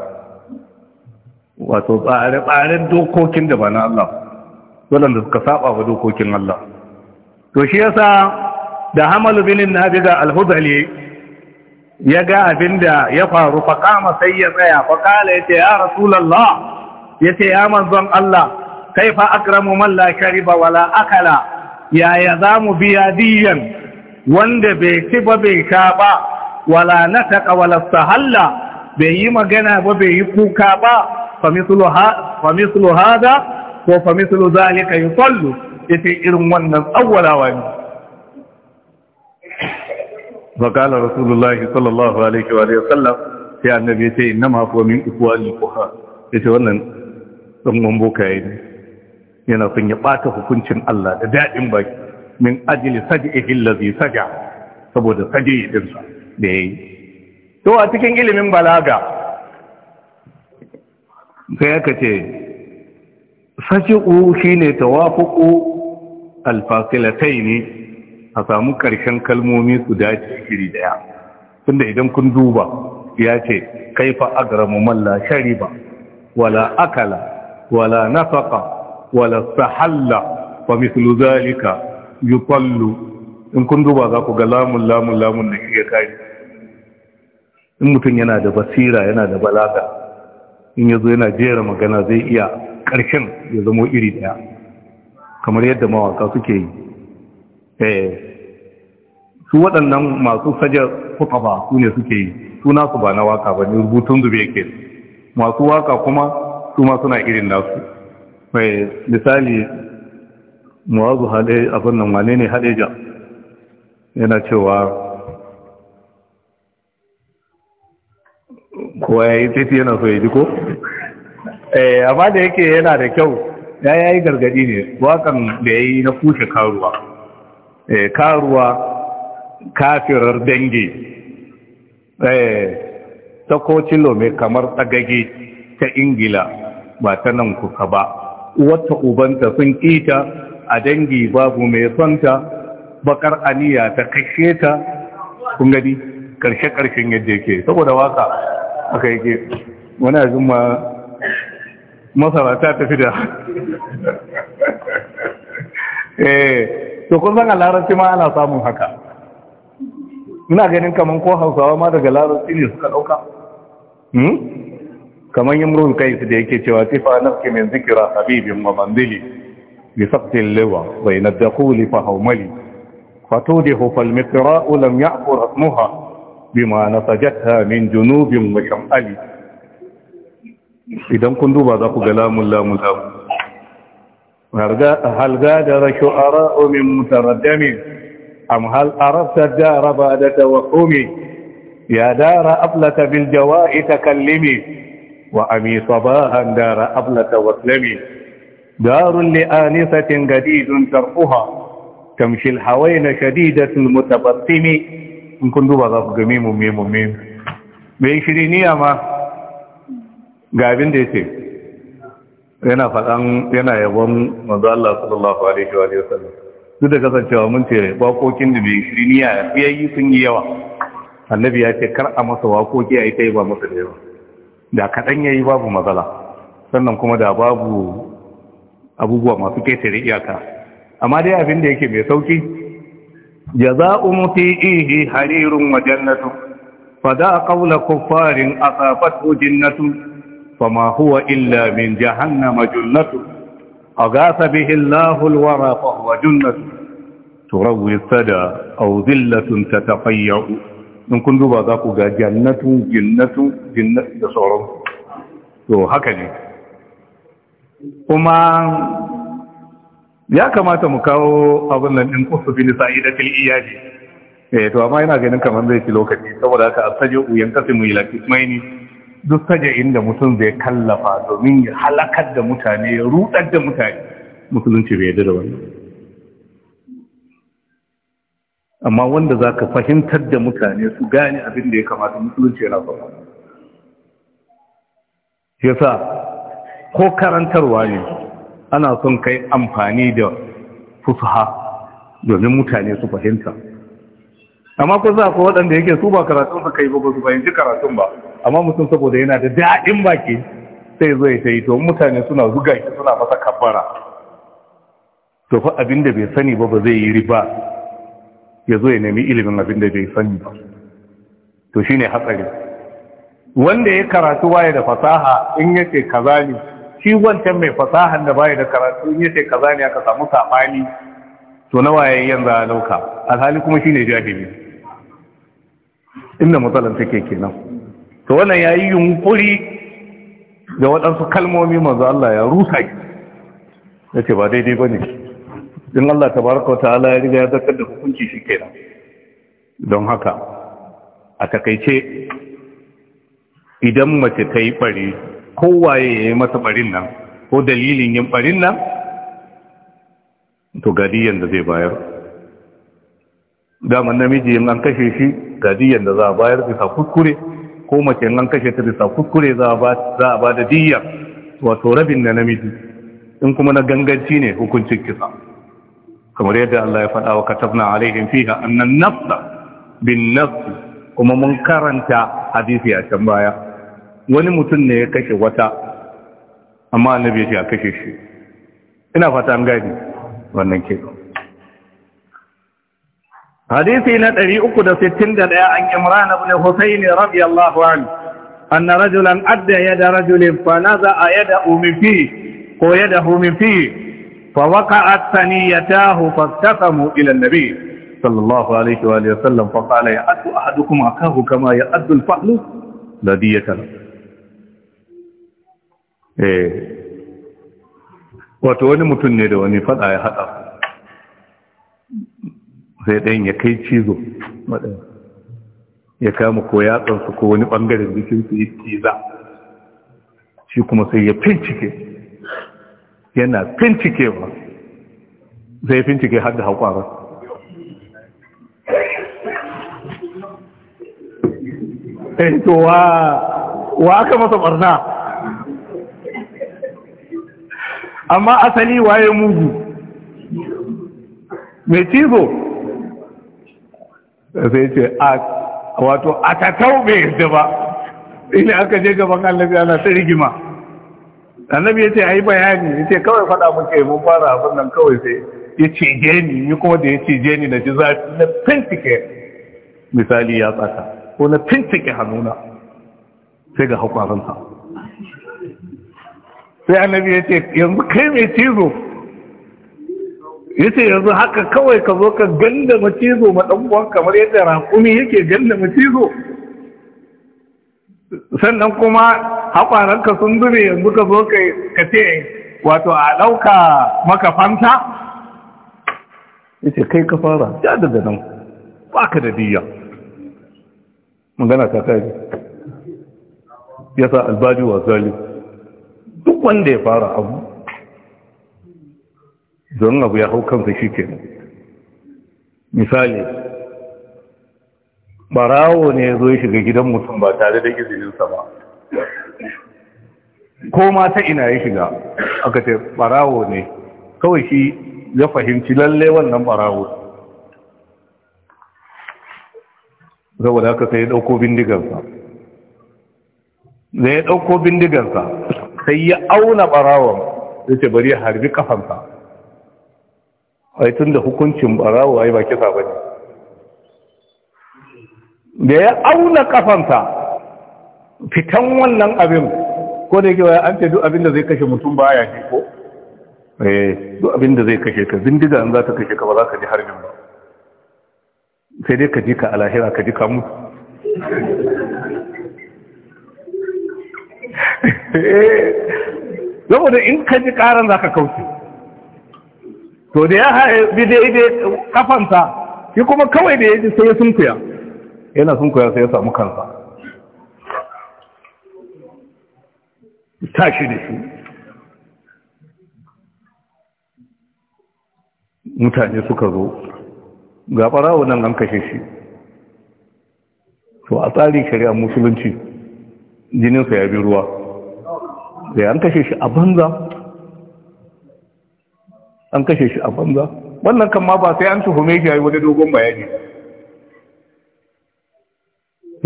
wato tsare-tsaren dokokin da ba na Allah waɗanda suka saba wa dokokin Allah to shi yasa da hamalu binin nabiga al-hudali ya ga abin da ya faru faƙama sai ya tsaya faƙala ya ce ya rasulallah ya ce ya manzon Allah kai fa akramu man la shariba wala akala yaya za mu biya diyan wanda bai ci ba bai sha ba wala nataka wala sahalla bai yi magana ba bai yi kuka ba fa mislu hada ko fa mislu zalika yusallu yace irin wannan tsawwalawa wani. fa qala rasulullahi sallallahu alaihi wa sallam sai annabi ya ce inna ma huwa min ikwali kuha yace wannan tsangon bokaye ne yana son ya bata hukuncin Allah da dadin baki min ajli saj'ihi allazi saja saboda saje din sa da yayi to a cikin ilimin balaga sai aka ce saji'u shine tawafuqu alfasilataini a samu ƙarshen kalmomi su dace iri daya tunda idan kun duba ya ce kaifa agramu malla shariba wala akala wala nafaqa wala sahalla wa mithlu zalika yuqallu in kun duba za ku ga lamun lamun lamun da kike kai in mutum yana da basira yana da balaga in yazo yana jera magana zai iya ƙarshen ya zamo iri daya kamar yadda mawaka suke yi eh su waɗannan masu sajar ba su ne suke yi suna su ba na waka ba ne rubutun zube yake masu waka kuma su ma suna irin nasu mai misali muwazu hade abin nan wane ne hadeja yana cewa kowa ya yi titi yana so ya ji ko? eh amma da yake yana da kyau ya yi gargadi ne wakan da ya yi na kushe karuwa eh karuwa kafirar dangi eh, ta kocilo lome kamar tsagage ta ingila ba ta nan kuka ba wata ubanta sun kita a dangi babu mai sonta bakar aniya ta kashe ta kun gadi karshe-karshen yadda yake saboda waka aka yake wani ajin ma masara ta tafi da eh to kun zan a larabci ma ana samun haka ina ganin kaman ko hausawa ma daga larabci ne suka ɗauka kaman yamrul kais da yake cewa tifa nafki min zikira habibin wa bandili bi saqtil wa bayna dakhuli fa hawmali fatudihu fal mitra'u lam ya'fur asmuha bima nasajatha min junubin wa shamali idan kun duba za ku ga lamun lamun lamun halga da shu'ara'u min mutaraddamin أم هل أردت الدار بعد توهمي يا دار أبلة بالجواء تكلمي وأمي صباها دار أبلة واسلمي دار لآنسة جديد ترفها تمشي الحوين شديدة المتبسم in kun duba za ku ga mimumme mumme shiri shiriniya ma ga abin da ya ce yana faɗan yana yabon manzo Allah sallallahu alaihi wa sallam duk da kasancewa mun ce bakokin da bai ya yi sun yi yawa annabi ya ce kar a masa wakoki a yi ta yi ba masa da yawa da kaɗan ya yi babu matsala sannan kuma da babu abubuwa masu ketare iyaka amma dai abin da yake mai sauki. ya za umuti ihi harirun wa jannatu fa da a ƙaula kuffarin a tsafat jinnatu fa ma huwa illa min jahannama junnatu أغاث به الله الورى فهو جنة تروي الثدى أو ذلة تتقيع in kun duba za ku ga jannatu تو هكذا da to haka ne kuma ya kamata mu kawo abin nan din kusa bin sa'idatul iyadi eh to amma ina ganin kamar zai ci lokaci saboda haka uyan kasimu ila kismaini duk saja inda mutum zai kallafa domin ya halakar da mutane ya rudar da mutane musulunci bai yadda da wannan amma wanda za ka fahimtar da mutane su gane abin da ya kamata musulunci yana faɗa yasa ko karantarwa ne ana son kai amfani da fusaha domin mutane su fahimta amma ko za ku waɗanda yake su ba karatun su kai ba ba su fahimci karatun ba amma mutum saboda yana da daɗin baki sai zo ya tayi to mutane suna zuga shi suna masa kabbara to fa abin da bai sani ba ba zai yi riba ya zo ya nemi ilimin abin da bai sani ba to shine hatsari wanda ya karatu waye da fasaha in yace kaza ne shi wancan mai fasahan da baya da karatu in yace kaza ne aka samu sabani to na waye yanzu a lauka alhali kuma shine jahili inda matsalar take kenan to wannan ya yi yunkuri da waɗansu kalmomi manzo Allah ya rusa ya ce ba daidai ba ne in Allah ta baraka wa ta'ala ya riga ya zakar da hukunci shi kenan don haka a takaice idan mace ta yi ɓari kowaye ya yi mata ɓarin nan ko dalilin yin barin nan to gadiyan da zai bayar daman namiji in an kashe shi gadiyan da za a bayar bisa kuskure ko mace an kashe ta bisa kuskure za a ba da diyyar wato rabin na namiji in kuma na ganganci ne hukuncin kisa kamar yadda Allah ya faɗa wa katabna alaihim fiha annan nafsa bin nafsi kuma mun karanta hadisi a can baya wani mutum ne ya kashe wata amma annabi ya a kashe shi ina fata an gani wannan kenan hadisi na 361 an imran ibn husayn radiyallahu anhu anna rajulan adda yada rajulin fa naza'a yadahu min fi ko yadahu min fa waqa'at saniyatahu fastaqamu ila an-nabi sallallahu alayhi wa alihi wa sallam fa qala ya'addu ahadukum akahu kama ya'addu al-fahlu ladiyata eh wato wani mutum ne da wani faɗa ya hada sai ɗayan ya kai cizo maɗaya ya kama ko yatsansu ko wani ɓangaren jikinsu ya ciza shi kuma sai ya fincike yana fincikewa zai fincike har da haƙwara eh, to wa aka masa ɓarna amma asali waye mugu mai cizo sai ce a wato a takau bai yadda ba ina aka je gaban annabi ana ta rigima annabi ya ce a yi bayani ya ce kawai faɗa muke mun fara abin nan kawai sai ya cije ni ni kuma da ya cije ni na ji zafi na fintike misali ya tsaka ko na fintike hannuna sai ga hakwarinsa sai annabi ya ce yanzu kai mai cizo yace yanzu haka kawai ka zo ka ganda macizo ma ɗan uwan kamar yadda raƙumi yake ganda macizo sannan kuma haƙwaranka sun dure yanzu ka zo ka ce wato a ɗauka maka fanta yace kai ka fara ya daga nan ba ka da diya magana ta kai ya sa albaji wa zalim duk wanda ya fara abu don abu ya hau kansa shi ke misali barawo ne ya zo ya shiga gidan mutum ba tare da izininsa ba ko ma ta ina ya shiga aka ce barawo ne kawai shi ya fahimci lalle wannan barawo saboda aka sai ya ɗauko bindigansa zai ya ɗauko bindigansa sai ya auna barawon ya ce bari ya harbi kafansa ai tun da hukuncin barawo ai ba kisa ba ne da ya auna kafanta fitan wannan abin ko da yake an ce duk abin da zai kashe mutum ba ya shi ko eh duk abin da zai kashe ka zindiga an za ta kashe ka ba za ka ji harbin ba sai dai ka ji ka alahira ka ji ka mutu eh, saboda in ka ji karan za ka kauce to da ya haɗe da ya kafansa shi kuma kawai da ya ji sai ya sunkuya yana sunkuya sai ya samu kansa tashi da shi mutane suka zo ga ɓarawo nan an kashe shi to a tsarin shari'a musulunci jininsa ya bi ruwa ya an kashe shi a banza an kashe shi a banza wannan kan ma ba sai an tuhume shi yayi wani dogon bayani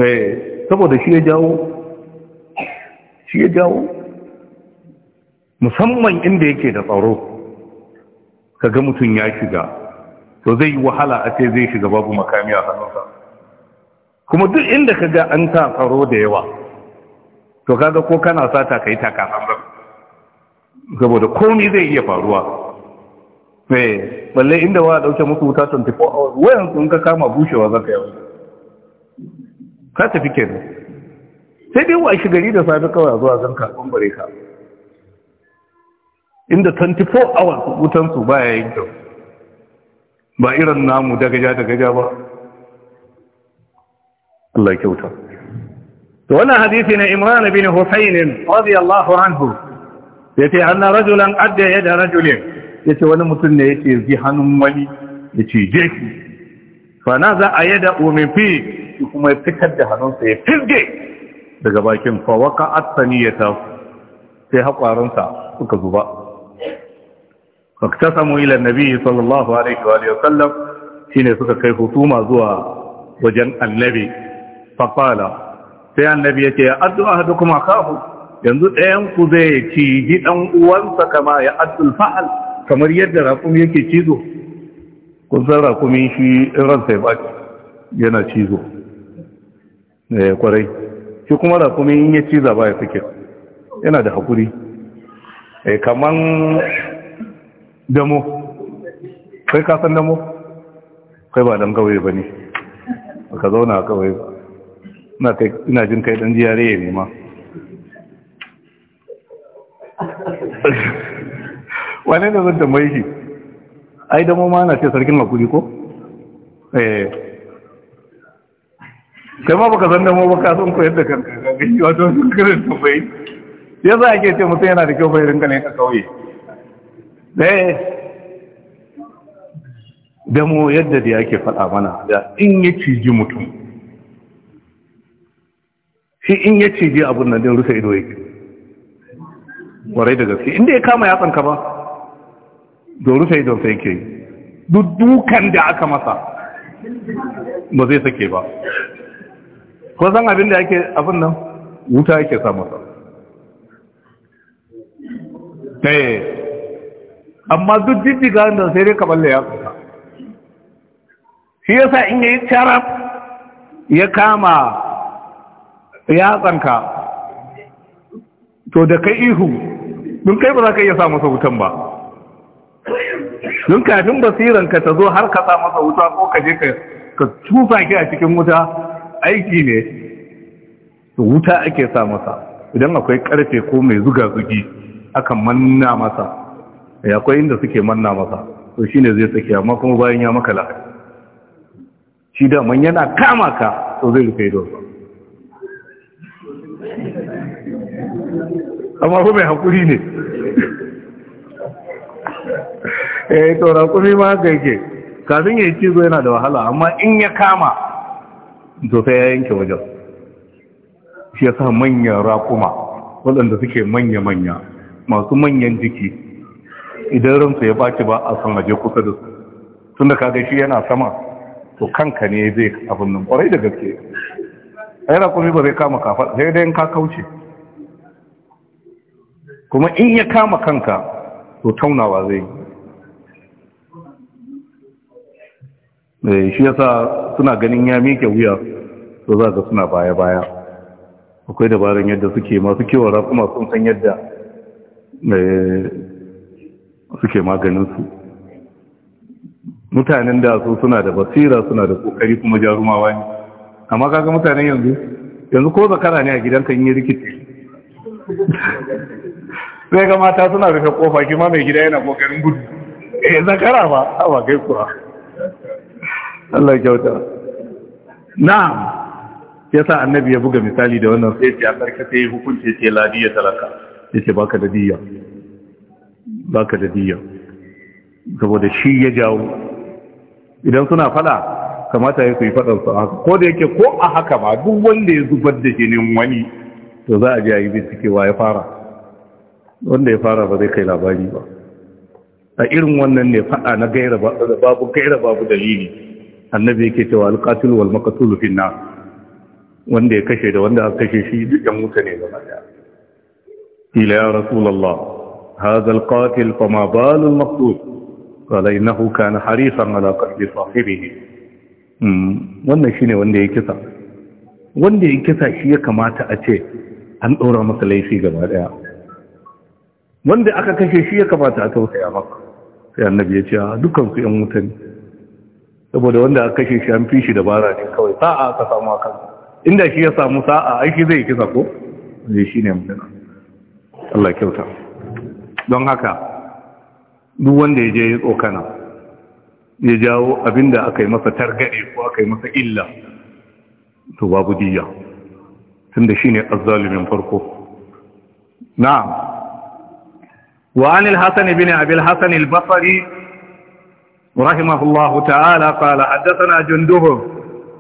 eh saboda shi ya jawo shi ya jawo musamman inda yake da tsaro kaga mutum ya shiga to zai yi wahala a ce zai shiga babu makami a hannunsa kuma duk inda kaga an ta tsaro da yawa to kaga ko kana sata kai taka saboda komai zai iya faruwa sai eh, balle inda wa dauke muku wuta 24 hours wayan sun ka kama bushewa zaka yawa ka tafi kenan sai dai wa shi gari da safe kawai zuwa zan ka bare ka inda 24 hours wutan su ya yin kyau ba irin namu da gaja da gaja ba Allah kyauta to wannan hadisi na Imran bin Husayn radiyallahu anhu yace anna rajulan adda yada rajulin ya ce wani mutum ne ya ce hannun wani ya ce je ki fana za a yada omen fi shi kuma ya fitar da hannunsa ya fizge daga bakin fawaka atsani ya ta sai haƙwarinsa suka zuba faktasamu ila nabi sallallahu alaihi wa sallam shine suka kai hutuma zuwa wajen annabi faqala sai annabi yace ya addu kuma kafu. yanzu ɗayan ku zai ci gidan uwansa kama ya addul fa'al kamar yadda raƙumi yake cizo kun san raƙumi shi ransa ya baki yana cizo ne eh, kwarai shi kuma raƙumi in ya ciza ba ya suke yana da haƙuri eh, kaman damo kai ka san damo kai ba dan kawai ba ne ka zauna a kawai ba ina jin kai dan jiyare ne ma wane da zan tambayi shi ai da ma na ce sarkin hakuri ko eh kai ma baka san da mu baka san ko yadda kanka ga shi wato sun kare ya za ake ce mutum yana da kyau bai rinka ne ka kauye eh damo yadda da yake faɗa mana da in ya ciji mutum shi in ya ciji abin nan din rufe ido yake warai da gaske inda ya kama yatsanka ba don rufe don sai ke duk dukkan da aka masa ba zai sake ba ko san abin da yake abin nan wuta yake sa masa eh amma duk jijjiga da sai dai kaballe ya kusa shi yasa in yi taraf ya kama yatsanka to da kai ihu dun kai ba za ka iya sa masa wutan ba don kafin basiran ka ta zo har ka sa masa wuta ko ka je ka tufa ki a cikin wuta aiki ne wuta ake sa masa idan akwai karfe ko mai zuga zugi aka manna masa eh, akwai inda suke manna masa to shi ne zai tsaki amma kuma bayan ya maka lahadi shi daman yana kama ka to zai rufe idonsa amma ko mai haƙuri ne yi eh, to raƙumi ma ga yake kafin ya yi cizo yana da wahala amma in ya kama to sai ya yanke wajen shi ya sa manyan raƙuma waɗanda suke manya-manya masu manyan jiki idan ransu ya baki ba a san aje kusa da su sun da kaga shi yana sama to kanka ne zai abin nan ƙwarai da gaske a yana raƙumi ba zai kama kafa sai dai ka kauce kuma in ya kama kanka to taunawa zai yi. Eh, shi yasa suna ganin ya miƙe wuya to za ga suna baya-baya akwai dabarun yadda suke masu kewara kuma sun san yadda eh, suke maganinsu mutanen da su suna da basira suna da kokari kuma jarumawa ne amma kaga mutanen yanzu yanzu ko zakara ne a gidanka in yi rikici sai ga mata suna rufe kofa ma mai gida yana kokarin gudu eh zakara ba a ba kuwa Allah kyauta na'am yasa annabi ya buga misali da wannan sai ya karkata yi hukunci ce ladiya talaka yace baka da diya baka da diya saboda shi ya jawo idan suna fada kamata ya su yi fadar su haka ko da yake ko a haka ba duk wanda ya zubar da jinin wani to za a ji a yi bincikewa ya fara wanda ya fara ba zai kai labari ba a irin wannan ne fada na gaira babu gaira babu dalili annabi yake cewa alqatil wal maqtul fi nar wanda ya kashe da wanda aka kashe shi duk yan wuta ne gaba daya ila ya rasulullah hadha alqatil ma bal al maqtul qala innahu kana harisan ala qatl sahibihi hmm wannan shine wanda ya kisa wanda ya kisa shi ya kamata a ce an ɗora masa laifi gaba daya wanda aka kashe shi ya kamata a tausaya maka sai annabi ya ce a dukansu ‘yan mutane. saboda wanda aka kashe shi an fi shi dabara ne kawai sa'a aka samu akan inda shi ya samu sa'a aiki zai kisa ko zai shi ne mutum Allah kyauta don haka duk wanda ya je ya tsokana ya jawo abinda aka yi masa targaɗe ko aka yi masa illa to babu diya tunda ne azzalumin farko Na, wa anil hasan ibn abi hasan al-basri رحمه الله تعالى قال حدثنا جنده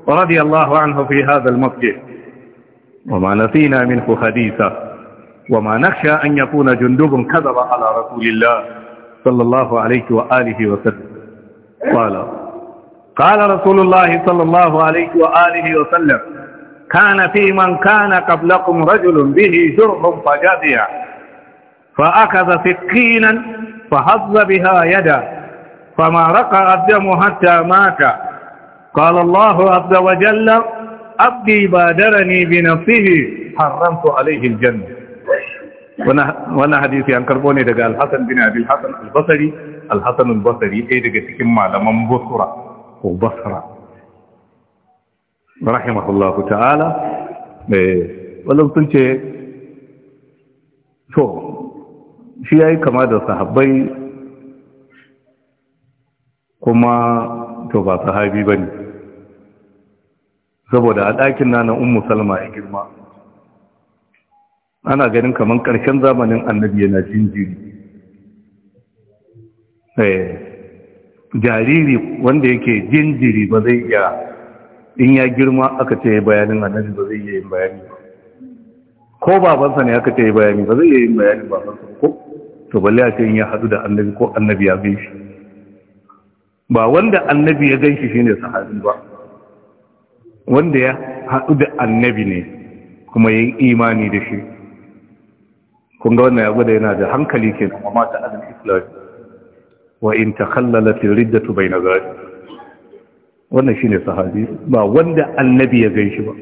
رضي الله عنه في هذا المسجد وما نسينا منه حديثا وما نخشى أن يكون جندب كذب على رسول الله صلى الله عليه وآله وسلم قال قال رسول الله صلى الله عليه وآله وسلم كان في من كان قبلكم رجل به جرح فجزع فأخذ سكينا فهز بها يده فما رقى الدم حتى مات قال الله عز وجل أبدي بادرني بنفسه حرمت عليه الجنة وانا حديثي عن كربوني دقى الحسن بن عبد الحسن البصري الحسن البصري اي دقى تكمع لمن بصرة وبصرة رحمه الله تعالى إيه، ولو تنشي شو شيء كما دو صحبي kuma to ba sahabi ba ne saboda a ɗakin na na ummu salma ya girma ana ganin kamar ƙarshen zamanin annabi yana jinjiri eh, jariri wanda yake jinjiri ba zai iya in ya girma aka ce bayanin annabi ba zai iya yin bayani ba ko babansa ne aka ce bayani ba zai iya yin bayani babansa ko to balle a ce in ya haɗu da annabi ko annabi ya bi shi ba wanda annabi ya ganshi shi shine sahabi ba wanda ya haɗu da annabi ne kuma yin imani da shi kun ga wannan ya gwada yana da hankali ke kuma mata adal islam wa in ta kallala tu bai na zalik wannan shine sahabi ba wanda annabi ya gan shi ba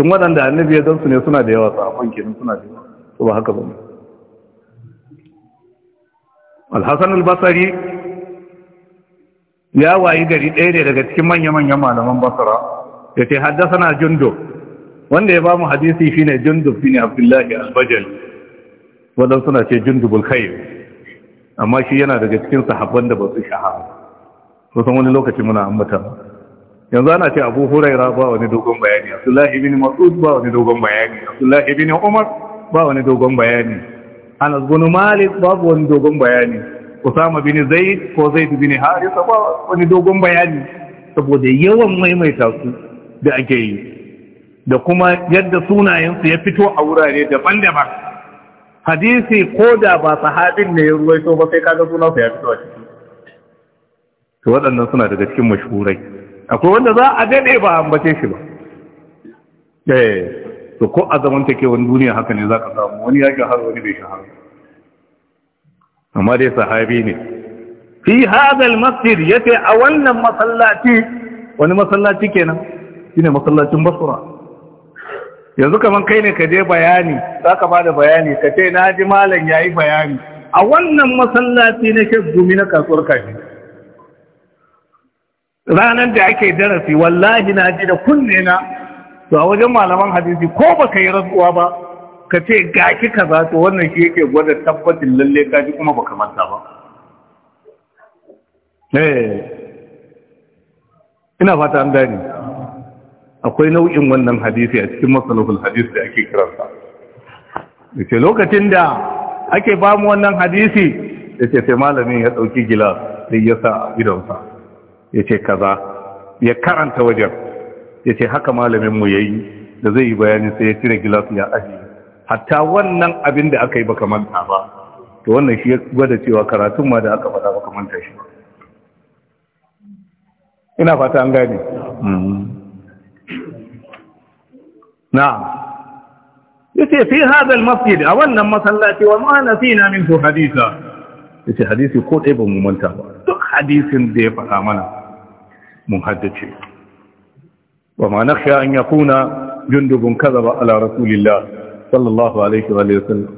in waɗanda annabi ya gansu ne suna da yawa sahabban kenan suna da yawa ba haka ba Alhassan al al ya wayi gari ɗaya ne daga cikin manya-manyan malaman basara da ta haddasa na jundub wanda ya ba mu hadisi shi ne jundub fi ne abdullahi albajal waɗansu suna ce jundubul khair amma shi yana daga cikin sahabban da ba su shahara kusan wani lokaci muna ambata yanzu ana ce abu huraira ba wani dogon bayani abdullahi bin mas'ud ba wani dogon bayani abdullahi bin umar ba wani dogon bayani anas bin malik ba wani dogon bayani Usama bin Zaid ko Zaid bin Harisa ba wani dogon bayani saboda yawan maimaita su da ake yi da kuma yadda sunayensu ya fito a wurare daban-daban hadisi ko da ba sahabin ne ya ruwaito ba sai kaga sunansa ya fito a ciki to waɗannan suna daga cikin mashhurai akwai wanda za a daɗe ba ambace shi ba eh to ko a wani duniya haka ne za ka samu wani yake har wani bai shahara amma dai sahabi ne fi hadal masjid yace a wannan masallaci wani masallaci kenan shine masallacin basra yanzu kaman kai ne ka je bayani zaka bada bayani ka ce na ji malam yayi bayani a wannan masallaci ne ke gumi na kasuwar kafi ranar da ake darasi wallahi na ji da kunne na to a wajen malaman hadisi ko baka yi rasuwa ba ka ce ka kaza su wannan shi yake gwada tabbacin lalle ka ji kuma ba manta ba eh ina fata an dani akwai nau'in wannan hadisi a cikin masanufin hadis da ake kiransa yace lokacin da ake ba mu wannan hadisi ce sai malamin ya ɗauki gila sai ya sa Ya ce kaza ya karanta wajen Ya ce haka malaminmu ya yi da zai yi bayani sai ya cire gilas ya ajiye hatta wannan abin da aka yi baka manta ba to wannan shi ya gwada cewa karatun ma da aka faɗa baka manta shi ina fata an gane na'am yace fi hada almasjid a wannan masallaci wa ma na nasina minhu haditha yace hadisi ko dai ba mu manta ba duk hadisin da ya faɗa mana mun haddace wa ma nakhsha an yakuna jundubun kadhaba ala rasulillah sallallahu alaihi wa sallam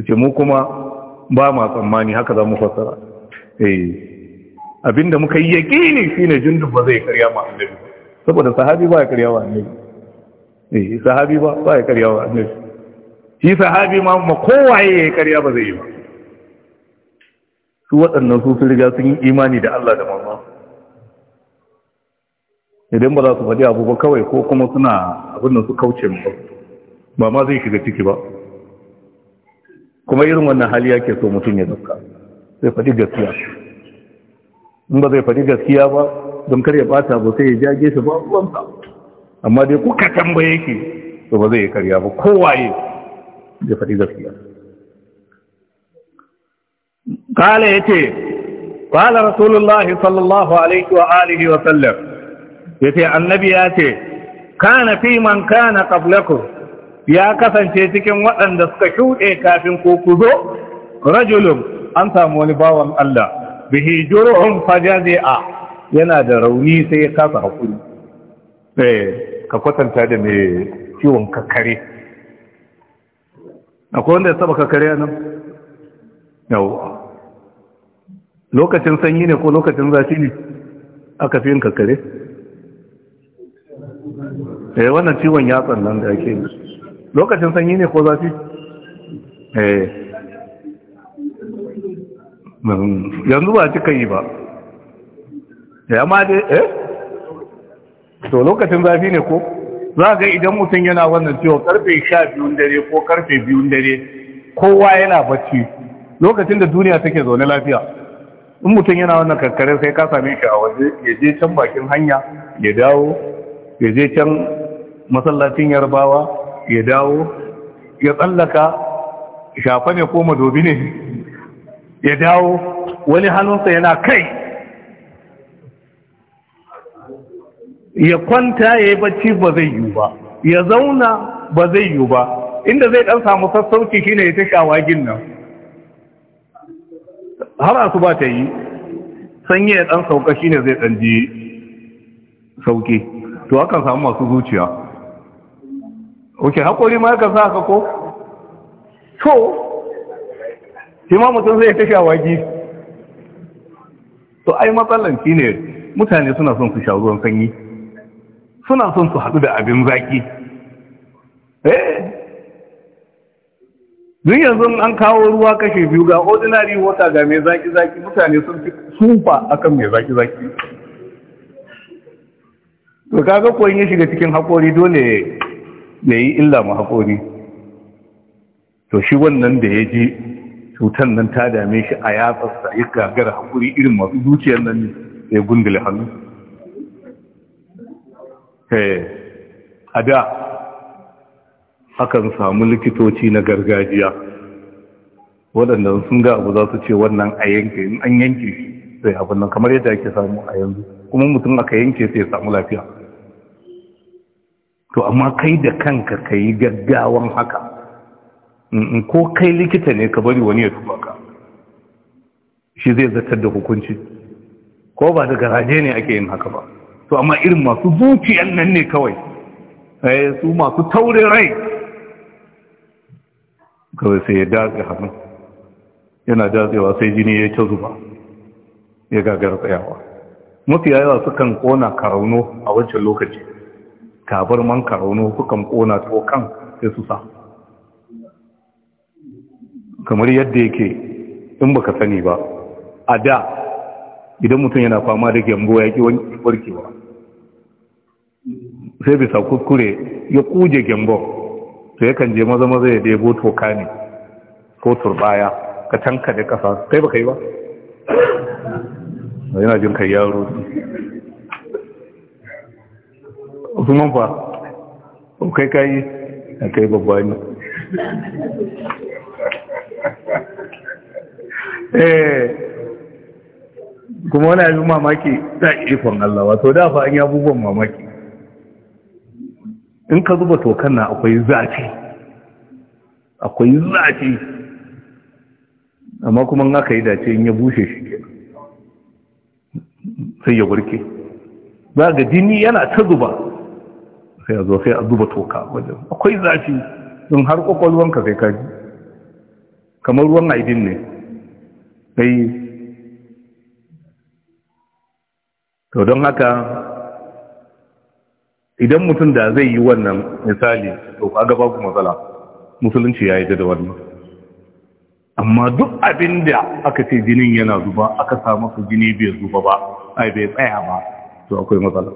ce mu kuma ba ma tsammani haka za mu fassara eh abinda muka yi yaqini shine jundun ba zai karya ma annabi saboda sahabi ba ya karya wa annabi eh sahabi ba ba ya karya wa annabi shi sahabi ma ma kowaye ya karya ba zai yi ba su waɗannan su sun riga sun yi imani da Allah da manzo idan ba za su faɗi abu ba kawai ko kuma suna abin da su kauce mu ba ma zai shiga ciki ba kuma irin wannan hali yake so mutum ya dauka zai faɗi gaskiya in ba zai faɗi gaskiya ba don kar ya ɓata ba sai ya jage shi ba ruwansa amma dai kuka tambaye ki to ba zai yi karya ba kowaye zai faɗi gaskiya kala ya ce kala rasulullahi sallallahu alaihi wa alihi wa sallam ya ce annabi ya ce kana fi man kana qablakum ya kasance cikin waɗanda suka shuɗe kafin ko ku zo rajulun an samu wani bawan Allah bihi jur'un fajazi'a yana da rauni sai ya kasa hakuri eh ka kwatanta da mai ciwon kakare akwai wanda ya saba kakare nan yawa lokacin sanyi ne ko lokacin zafi ne aka fi yin kakare eh wannan ciwon yatsan nan da ake yi lokacin sanyi ne ko zafi eh yanzu ba cika yi ba ya eh, ma dai eh to lokacin zafi ne ko za ga idan mutum yana wannan ciwo karfe sha biyun dare ko karfe biyun dare kowa yana bacci lokacin da duniya take zaune lafiya in mutum yana wannan karkare sai ka same shi a waje ya je can bakin hanya ya dawo ya je can masallacin yarbawa ya dawo ya tsallaka shafa ne ko madobi ne ya dawo wani hannunsa yana kai ya kwanta ya yi bacci ba zai yi ba ya zauna ba zai yi ba inda zai ɗan samu sassauci shine ya ta shawagin nan har asu ba ta yi sanyi ya ɗan sauka shine zai ɗan ji sauki to akan samu masu zuciya oke haƙori ma ka sa ka ko to shi ma mutum zai ta shawagi to ai matsalan shi ne mutane suna son su shawo ruwan sanyi suna son su haɗu da abin zaƙi eh duk yanzu an kawo ruwa kashe biyu ga ordinary water ga mai zaki-zaki mutane sun fi sufa akan mai zaki-zaki to kaga ko ya shiga cikin haƙori dole ya yi illa ma haƙori to shi wannan da ya je cutar nan ta dame shi a yatsarsa ya gagara haƙori irin masu zuciyar nan ya gundule hannu eh, a da akan samu likitoci na gargajiya waɗanda sun ga abu za su ce wannan a yanke in an yanke sai abin nan kamar yadda ake samu a yanzu kuma mutum aka yanke sai ya samu lafiya to amma kai da kanka ka yi gaggawan haka ko kai likita ne ka bari wani ya tuba ka shi zai zartar da hukunci ko ba da garaje ne ake yin haka ba to amma irin masu zuciyan nan ne kawai eh, su masu taurin rai kawai sai ya datse hannun yana datsewa sai jini ya ta zuba ya gagara tsayawa mafi yawa sukan kona karauno a wancan lokaci kabar man karono kukan kona kan sai su sa kamar yadda yake in baka sani ba a da idan mutum yana fama da gyambo ya wani barkewa sai bisa kuskure ya kuje gyambo to yakan je maza maza ya debo toka ne ko turbaya ka tanka da ƙasa sai ba kai ba yana jin kai yaro Usman fa kai kai a kai babba ne eh kuma wani abin mamaki ta ikon Allah wato da fa an yi abubuwan mamaki in ka zuba tokan na akwai zafi akwai zafi amma kuma aka yi dace in ya bushe shi sai ya gurke. za ga jini yana ta zuba sai a zo sai a zuba toka wajen akwai zafi don har kwakwalwanka sai ka ji kamar ruwan aidin ne sai to don haka idan mutum da zai yi wannan misali to ga babu matsala musulunci ya yi da wannan amma duk abin da aka ce jinin yana zuba aka sa masa jini bai zuba ba ai bai tsaya ba to akwai matsala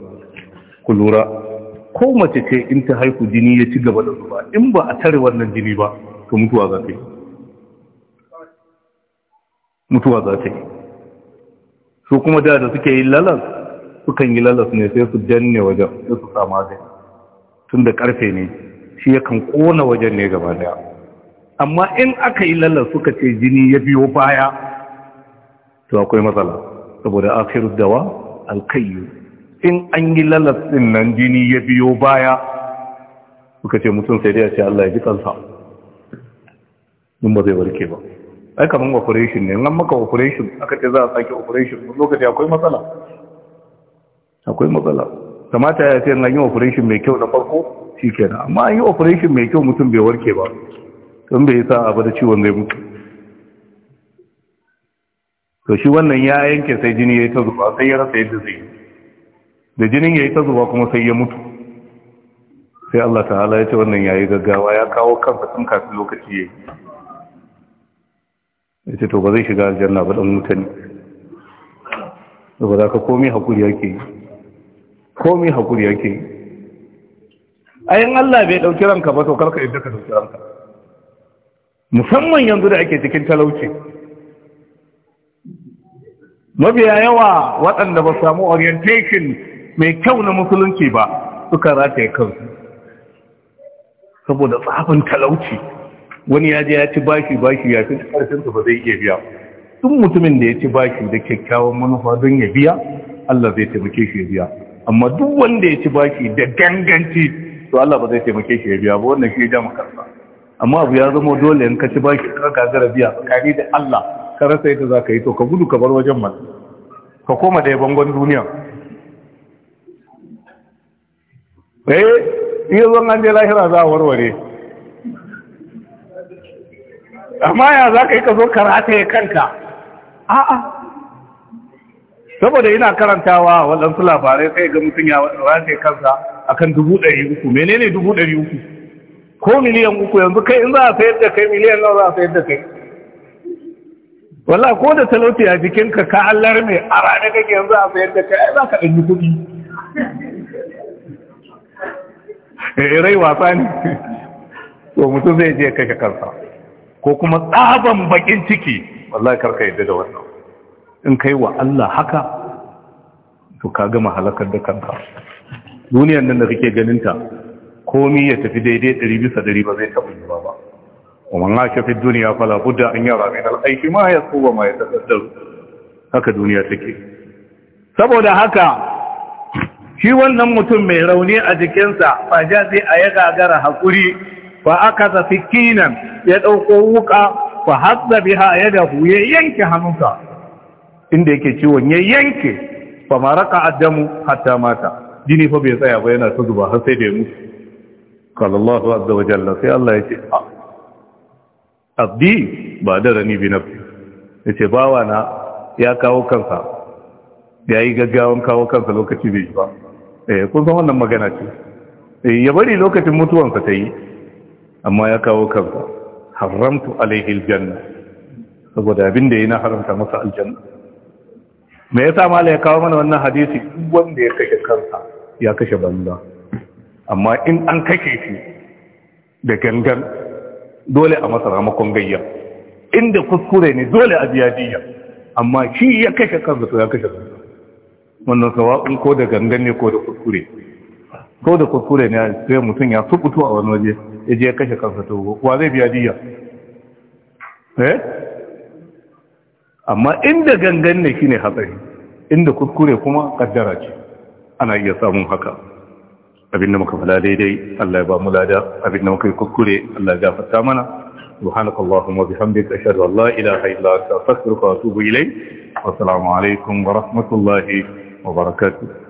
ku lura ko mace ce in ta haihu jini ya ci gaba da zuba in ba a tare wannan jini ba to mutuwa za ta yi mutuwa za ta yi su kuma da da suke yi lalas sukan yi lalas ne sai su danne wajen sai su sama zai tun da karfe ne shi yakan kona wajen ne gaba daya amma in aka yi lalas suka ce jini ya biyo baya to akwai matsala saboda akhirud dawa alkayyu in an yi lalas nan jini ya biyo baya suka ce mutum sai dai ya ce Allah ya ji kansa in ba zai warke ba ai kamar operation ne nan maka operation aka ce za a sake operation lokaci akwai matsala akwai matsala kamata ya ce nan yi operation mai kyau na farko shi kenan amma an yi operation mai kyau mutum bai warke ba don bai sa abu da ciwon zai mutu to shi wannan ya yanke sai jini ya ta zuba sai ya rasa yadda zai yi da jinin ya yi ta zuwa kuma sai ya mutu sai Allah ta'ala ya ce wannan ya yi gaggawa ya kawo kansa tun kafin lokaci ya yi ya ce to ba zai shiga aljanna ba ɗan mutane ba za ka komi haƙuri yake yi komi haƙuri yake yi ayin Allah bai ɗauki ranka ba to karka yadda ka ɗauki ranka musamman yanzu da ake cikin talauci mabiya yawa waɗanda ba samu orientation mai kyau na musulunci ba suka rataye kansu saboda tsafin talauci wani ya je ya ci bashi bashi ya fi su ba zai iya biya duk mutumin da ya ci bashi da kyakkyawan manufa don ya biya Allah zai taimake shi ya biya amma duk wanda ya ci bashi da ganganci to Allah ba zai taimake shi ya biya ba wannan shi ya ja makarsa amma abu ya zama dole in ka ci bashi ka gagara biya tsakani da Allah ka rasa yadda za ka yi to ka gudu ka bar wajen man ka koma da bangon duniya eh iya zon an je lahira za a warware amma ya za ka yi ka zo karata ya kanka a'a saboda ina karantawa waɗansu labarai sai ga mutum ya rataye kansa akan dubu ɗari uku menene dubu ɗari uku ko miliyan uku yanzu kai in za a sayar da kai miliyan nawa za a sayar da kai wala ko da talauci a jikinka ka allar mai a ranar kake yanzu a sayar da kai za ka ɗanyi kuɗi rai wasa ne to mutum zai je kashe kansa ko kuma tsaban bakin ciki wallahi karka yadda da wannan in kai wa Allah haka to ka gama halakar da kanka duniyar nan da kake ganin ta komi ya tafi daidai dari bisa dari ba zai taɓa yiwa ba ومن عاش duniya budda an yara min al aiki ma ya tsuba ma ya هكا haka duniya take Saboda haka. shi wannan mutum mai rauni a jikinsa ba ja sai a yi gagara haƙuri ba aka zafi kinan ya ɗauko wuka ba hatsa biha ya dahu ya yanke hannunsa inda yake ciwon ya yanke fa maraka adamu hatta mata jini fa bai tsaya ba yana ta zuba har sai da ya mutu qala Allah azza wa jalla sai Allah ya ce ah, abdi ba da rani bi nafsi bawa bawana ya kawo kansa ya yayi gaggawan kawo kansa lokaci bai ba eh kun san wannan magana ce eh, ya bari lokacin mutuwansa ta yi amma ya kawo kansa haramtu alaihi aljanna saboda abin da yana haramta masa aljanna me yasa mala ya kawo mana wannan hadisi wanda ya kashe kansa ya kashe banza amma in an kashe shi da gangan dole a masa ramakon gayya inda kuskure ne dole a biya diya amma shi ya kashe kansa to ya kashe banza wannan sawa'un ko da gangan ne ko da kuskure ko da kuskure ne sai mutum ya sukutu a wani waje ya je ya kashe kansa ta togo wa zai biya diya eh amma inda gangan ne shine hatsari inda kuskure kuma kaddara ce ana iya samun haka abin da muka fada daidai Allah ya ba mu lada abin da muka yi kuskure Allah ya gafarta mana سبحانك اللهم وبحمدك أشهد أن لا إله إلا أنت أستغفرك وأتوب إليك والسلام عليكم ورحمة الله wa barakatuh